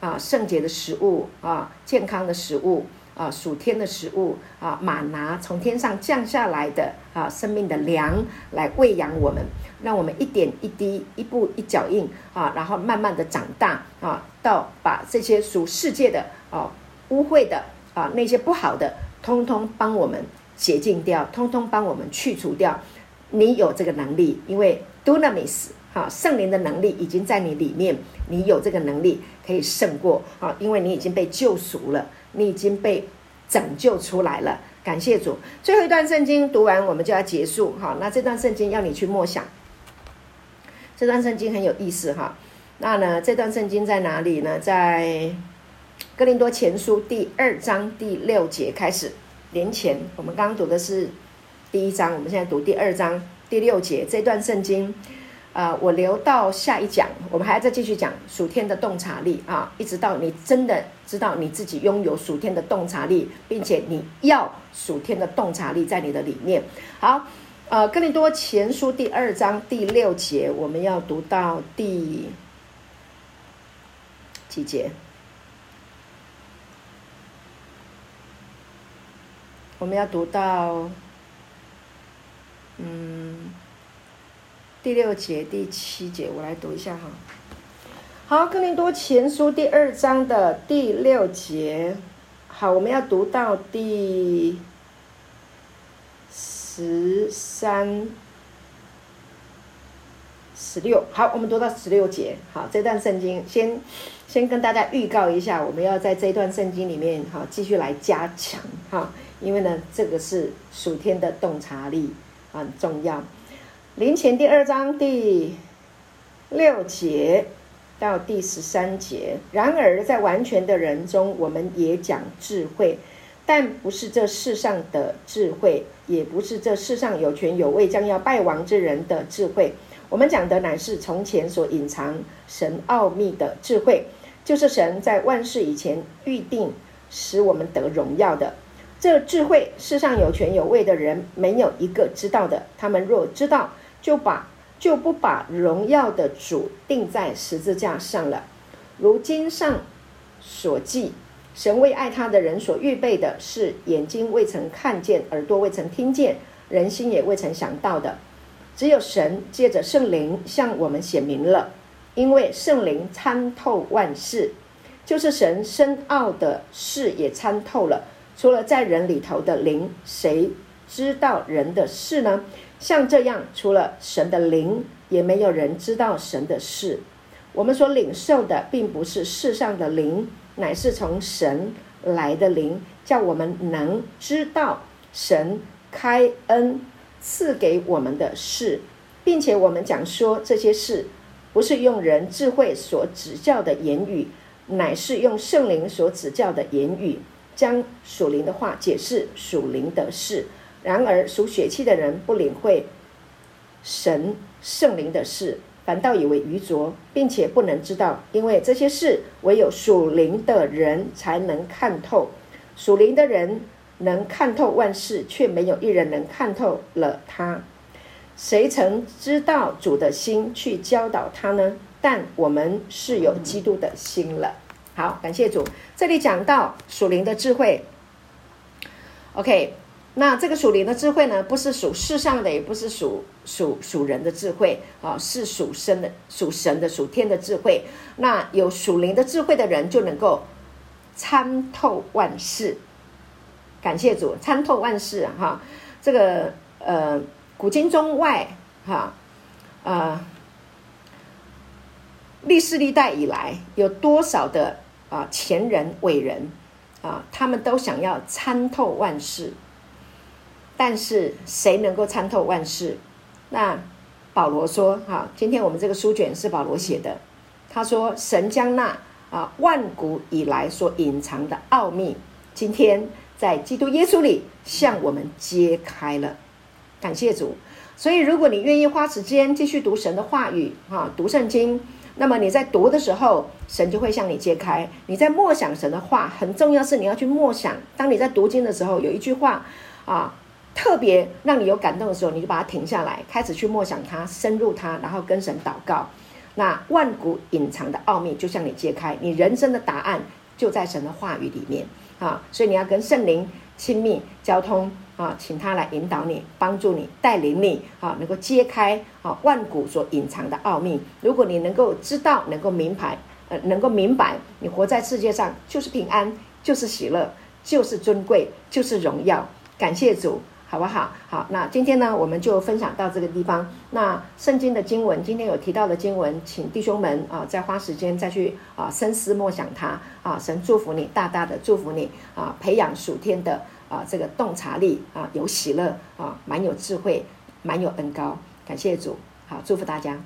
啊，聖潔的食物啊、哦，健康的食物。啊，屬天的食物啊，瑪拿從天上降下來的啊，生命的糧來餵養我們，讓我們一點一滴，一步一腳印啊，然後慢慢的長大啊，到把這些屬世界的啊、污穢的啊、那些不好的，通通幫我們潔淨掉，通通幫我們去除掉。你有這個能力，因為 Dunamis 哈、啊、聖靈的能力已經在你裡面，你有這個能力可以勝過啊，因為你已經被救贖了。你已經被拯救出來了，感謝主。最後一段聖經讀完，我們就要結束哈。那這段聖經要你去默想。這段聖經很有意思哈。那呢，這段聖經在哪裡呢？在哥林多前書第二章第六節開始。年前我們剛剛讀的是第一章，我們現在讀第二章第六節。這段聖經。啊、呃，我留到下一講，我們還要再繼續講屬天的洞察力啊，一直到你真的知道你自己擁有屬天的洞察力，並且你要屬天的洞察力在你的裡面。好，呃，哥林多前書第二章第六節，我們要讀到第幾節？我們要讀到，嗯。第六節、第七節，我來讀一下哈。好，哥林多前書第二章的第六節。好，我們要讀到第十三、十六。好，我們讀到十六節。好，這段聖經先先跟大家預告一下，我們要在這段聖經裡面哈繼續來加強哈，因為呢，這個是屬天的洞察力很重要。林前第二章第六節到第十三節。然而，在完全的人中，我們也講智慧，但不是這世上的智慧，也不是這世上有權有位將要敗亡之人的智慧。我們講的乃是從前所隱藏神奧秘的智慧，就是神在萬世以前預定使我們得榮耀的。這智慧，世上有權有位的人沒有一個知道的。他們若知道，就把，就不把榮耀的主定在十字架上了。如今上所記，神為愛他的人所預備的是眼睛未曾看見，耳朵未曾聽見，人心也未曾想到的。只有神借着聖靈向我們顯明了，因為聖靈參透萬事，就是神深奧的事也參透了。除了在人裡頭的靈，誰知道人的事呢？像這樣，除了神的靈，也沒有人知道神的事。我們所領受的，並不是世上的靈，乃是從神來的靈，叫我們能知道神開恩賜給我們的事，並且我們講說這些事，不是用人智慧所指教的言語，乃是用聖靈所指教的言語，將屬靈的話解釋屬靈的事。然而屬血氣的人不領會神聖靈的事，反倒以為愚拙，並且不能知道，因為這些事唯有屬靈的人才能看透。屬靈的人能看透萬事，卻沒有一人能看透了他。誰曾知道主的心去教導他呢？但我們是有基督的心了。好，感謝主。這裡講到屬靈的智慧。OK。那這個屬靈的智慧呢，不是屬世上的，也不是屬屬屬人的智慧啊，是屬神的、屬神的、屬天的智慧。那有屬靈的智慧的人，就能夠參透萬事。感謝主，參透萬事哈、啊。這個呃，古今中外哈、啊，呃，歷世歷代以來，有多少的啊前人偉人啊，他們都想要參透萬事。但是誰能夠參透萬事？那保羅說：“哈、啊，今天我們這個書卷是保羅寫的。他說，神將那啊萬古以來所隱藏的奧秘，今天在基督耶穌裡向我們揭開了。感謝主！所以，如果你願意花時間繼續讀神的話語啊，讀聖經，那麼你在讀的時候，神就會向你揭開。你在默想神的話，很重要是你要去默想。當你在讀經的時候，有一句話啊。”特別讓你有感動的時候，你就把它停下來，開始去默想它，深入它，然後跟神禱告。那萬古隱藏的奧秘，就向你揭開，你人生的答案就在神的話語裡面啊！所以你要跟聖靈親密交通啊，請他來引導你，幫助你，帶領你啊，能夠揭開啊萬古所隱藏的奧秘。如果你能夠知道，能夠明白，呃，能夠明白，你活在世界上就是平安，就是喜樂，就是尊貴，就是榮耀。感謝主。好不好？好，那今天呢，我們就分享到這個地方。那聖經的經文，今天有提到的經文，請弟兄們啊，再花時間再去啊深思默想它啊。神祝福你，大大的祝福你啊，培養屬天的啊這個洞察力啊，有喜樂啊，蠻有智慧，蠻有恩膏。感謝主，好，祝福大家。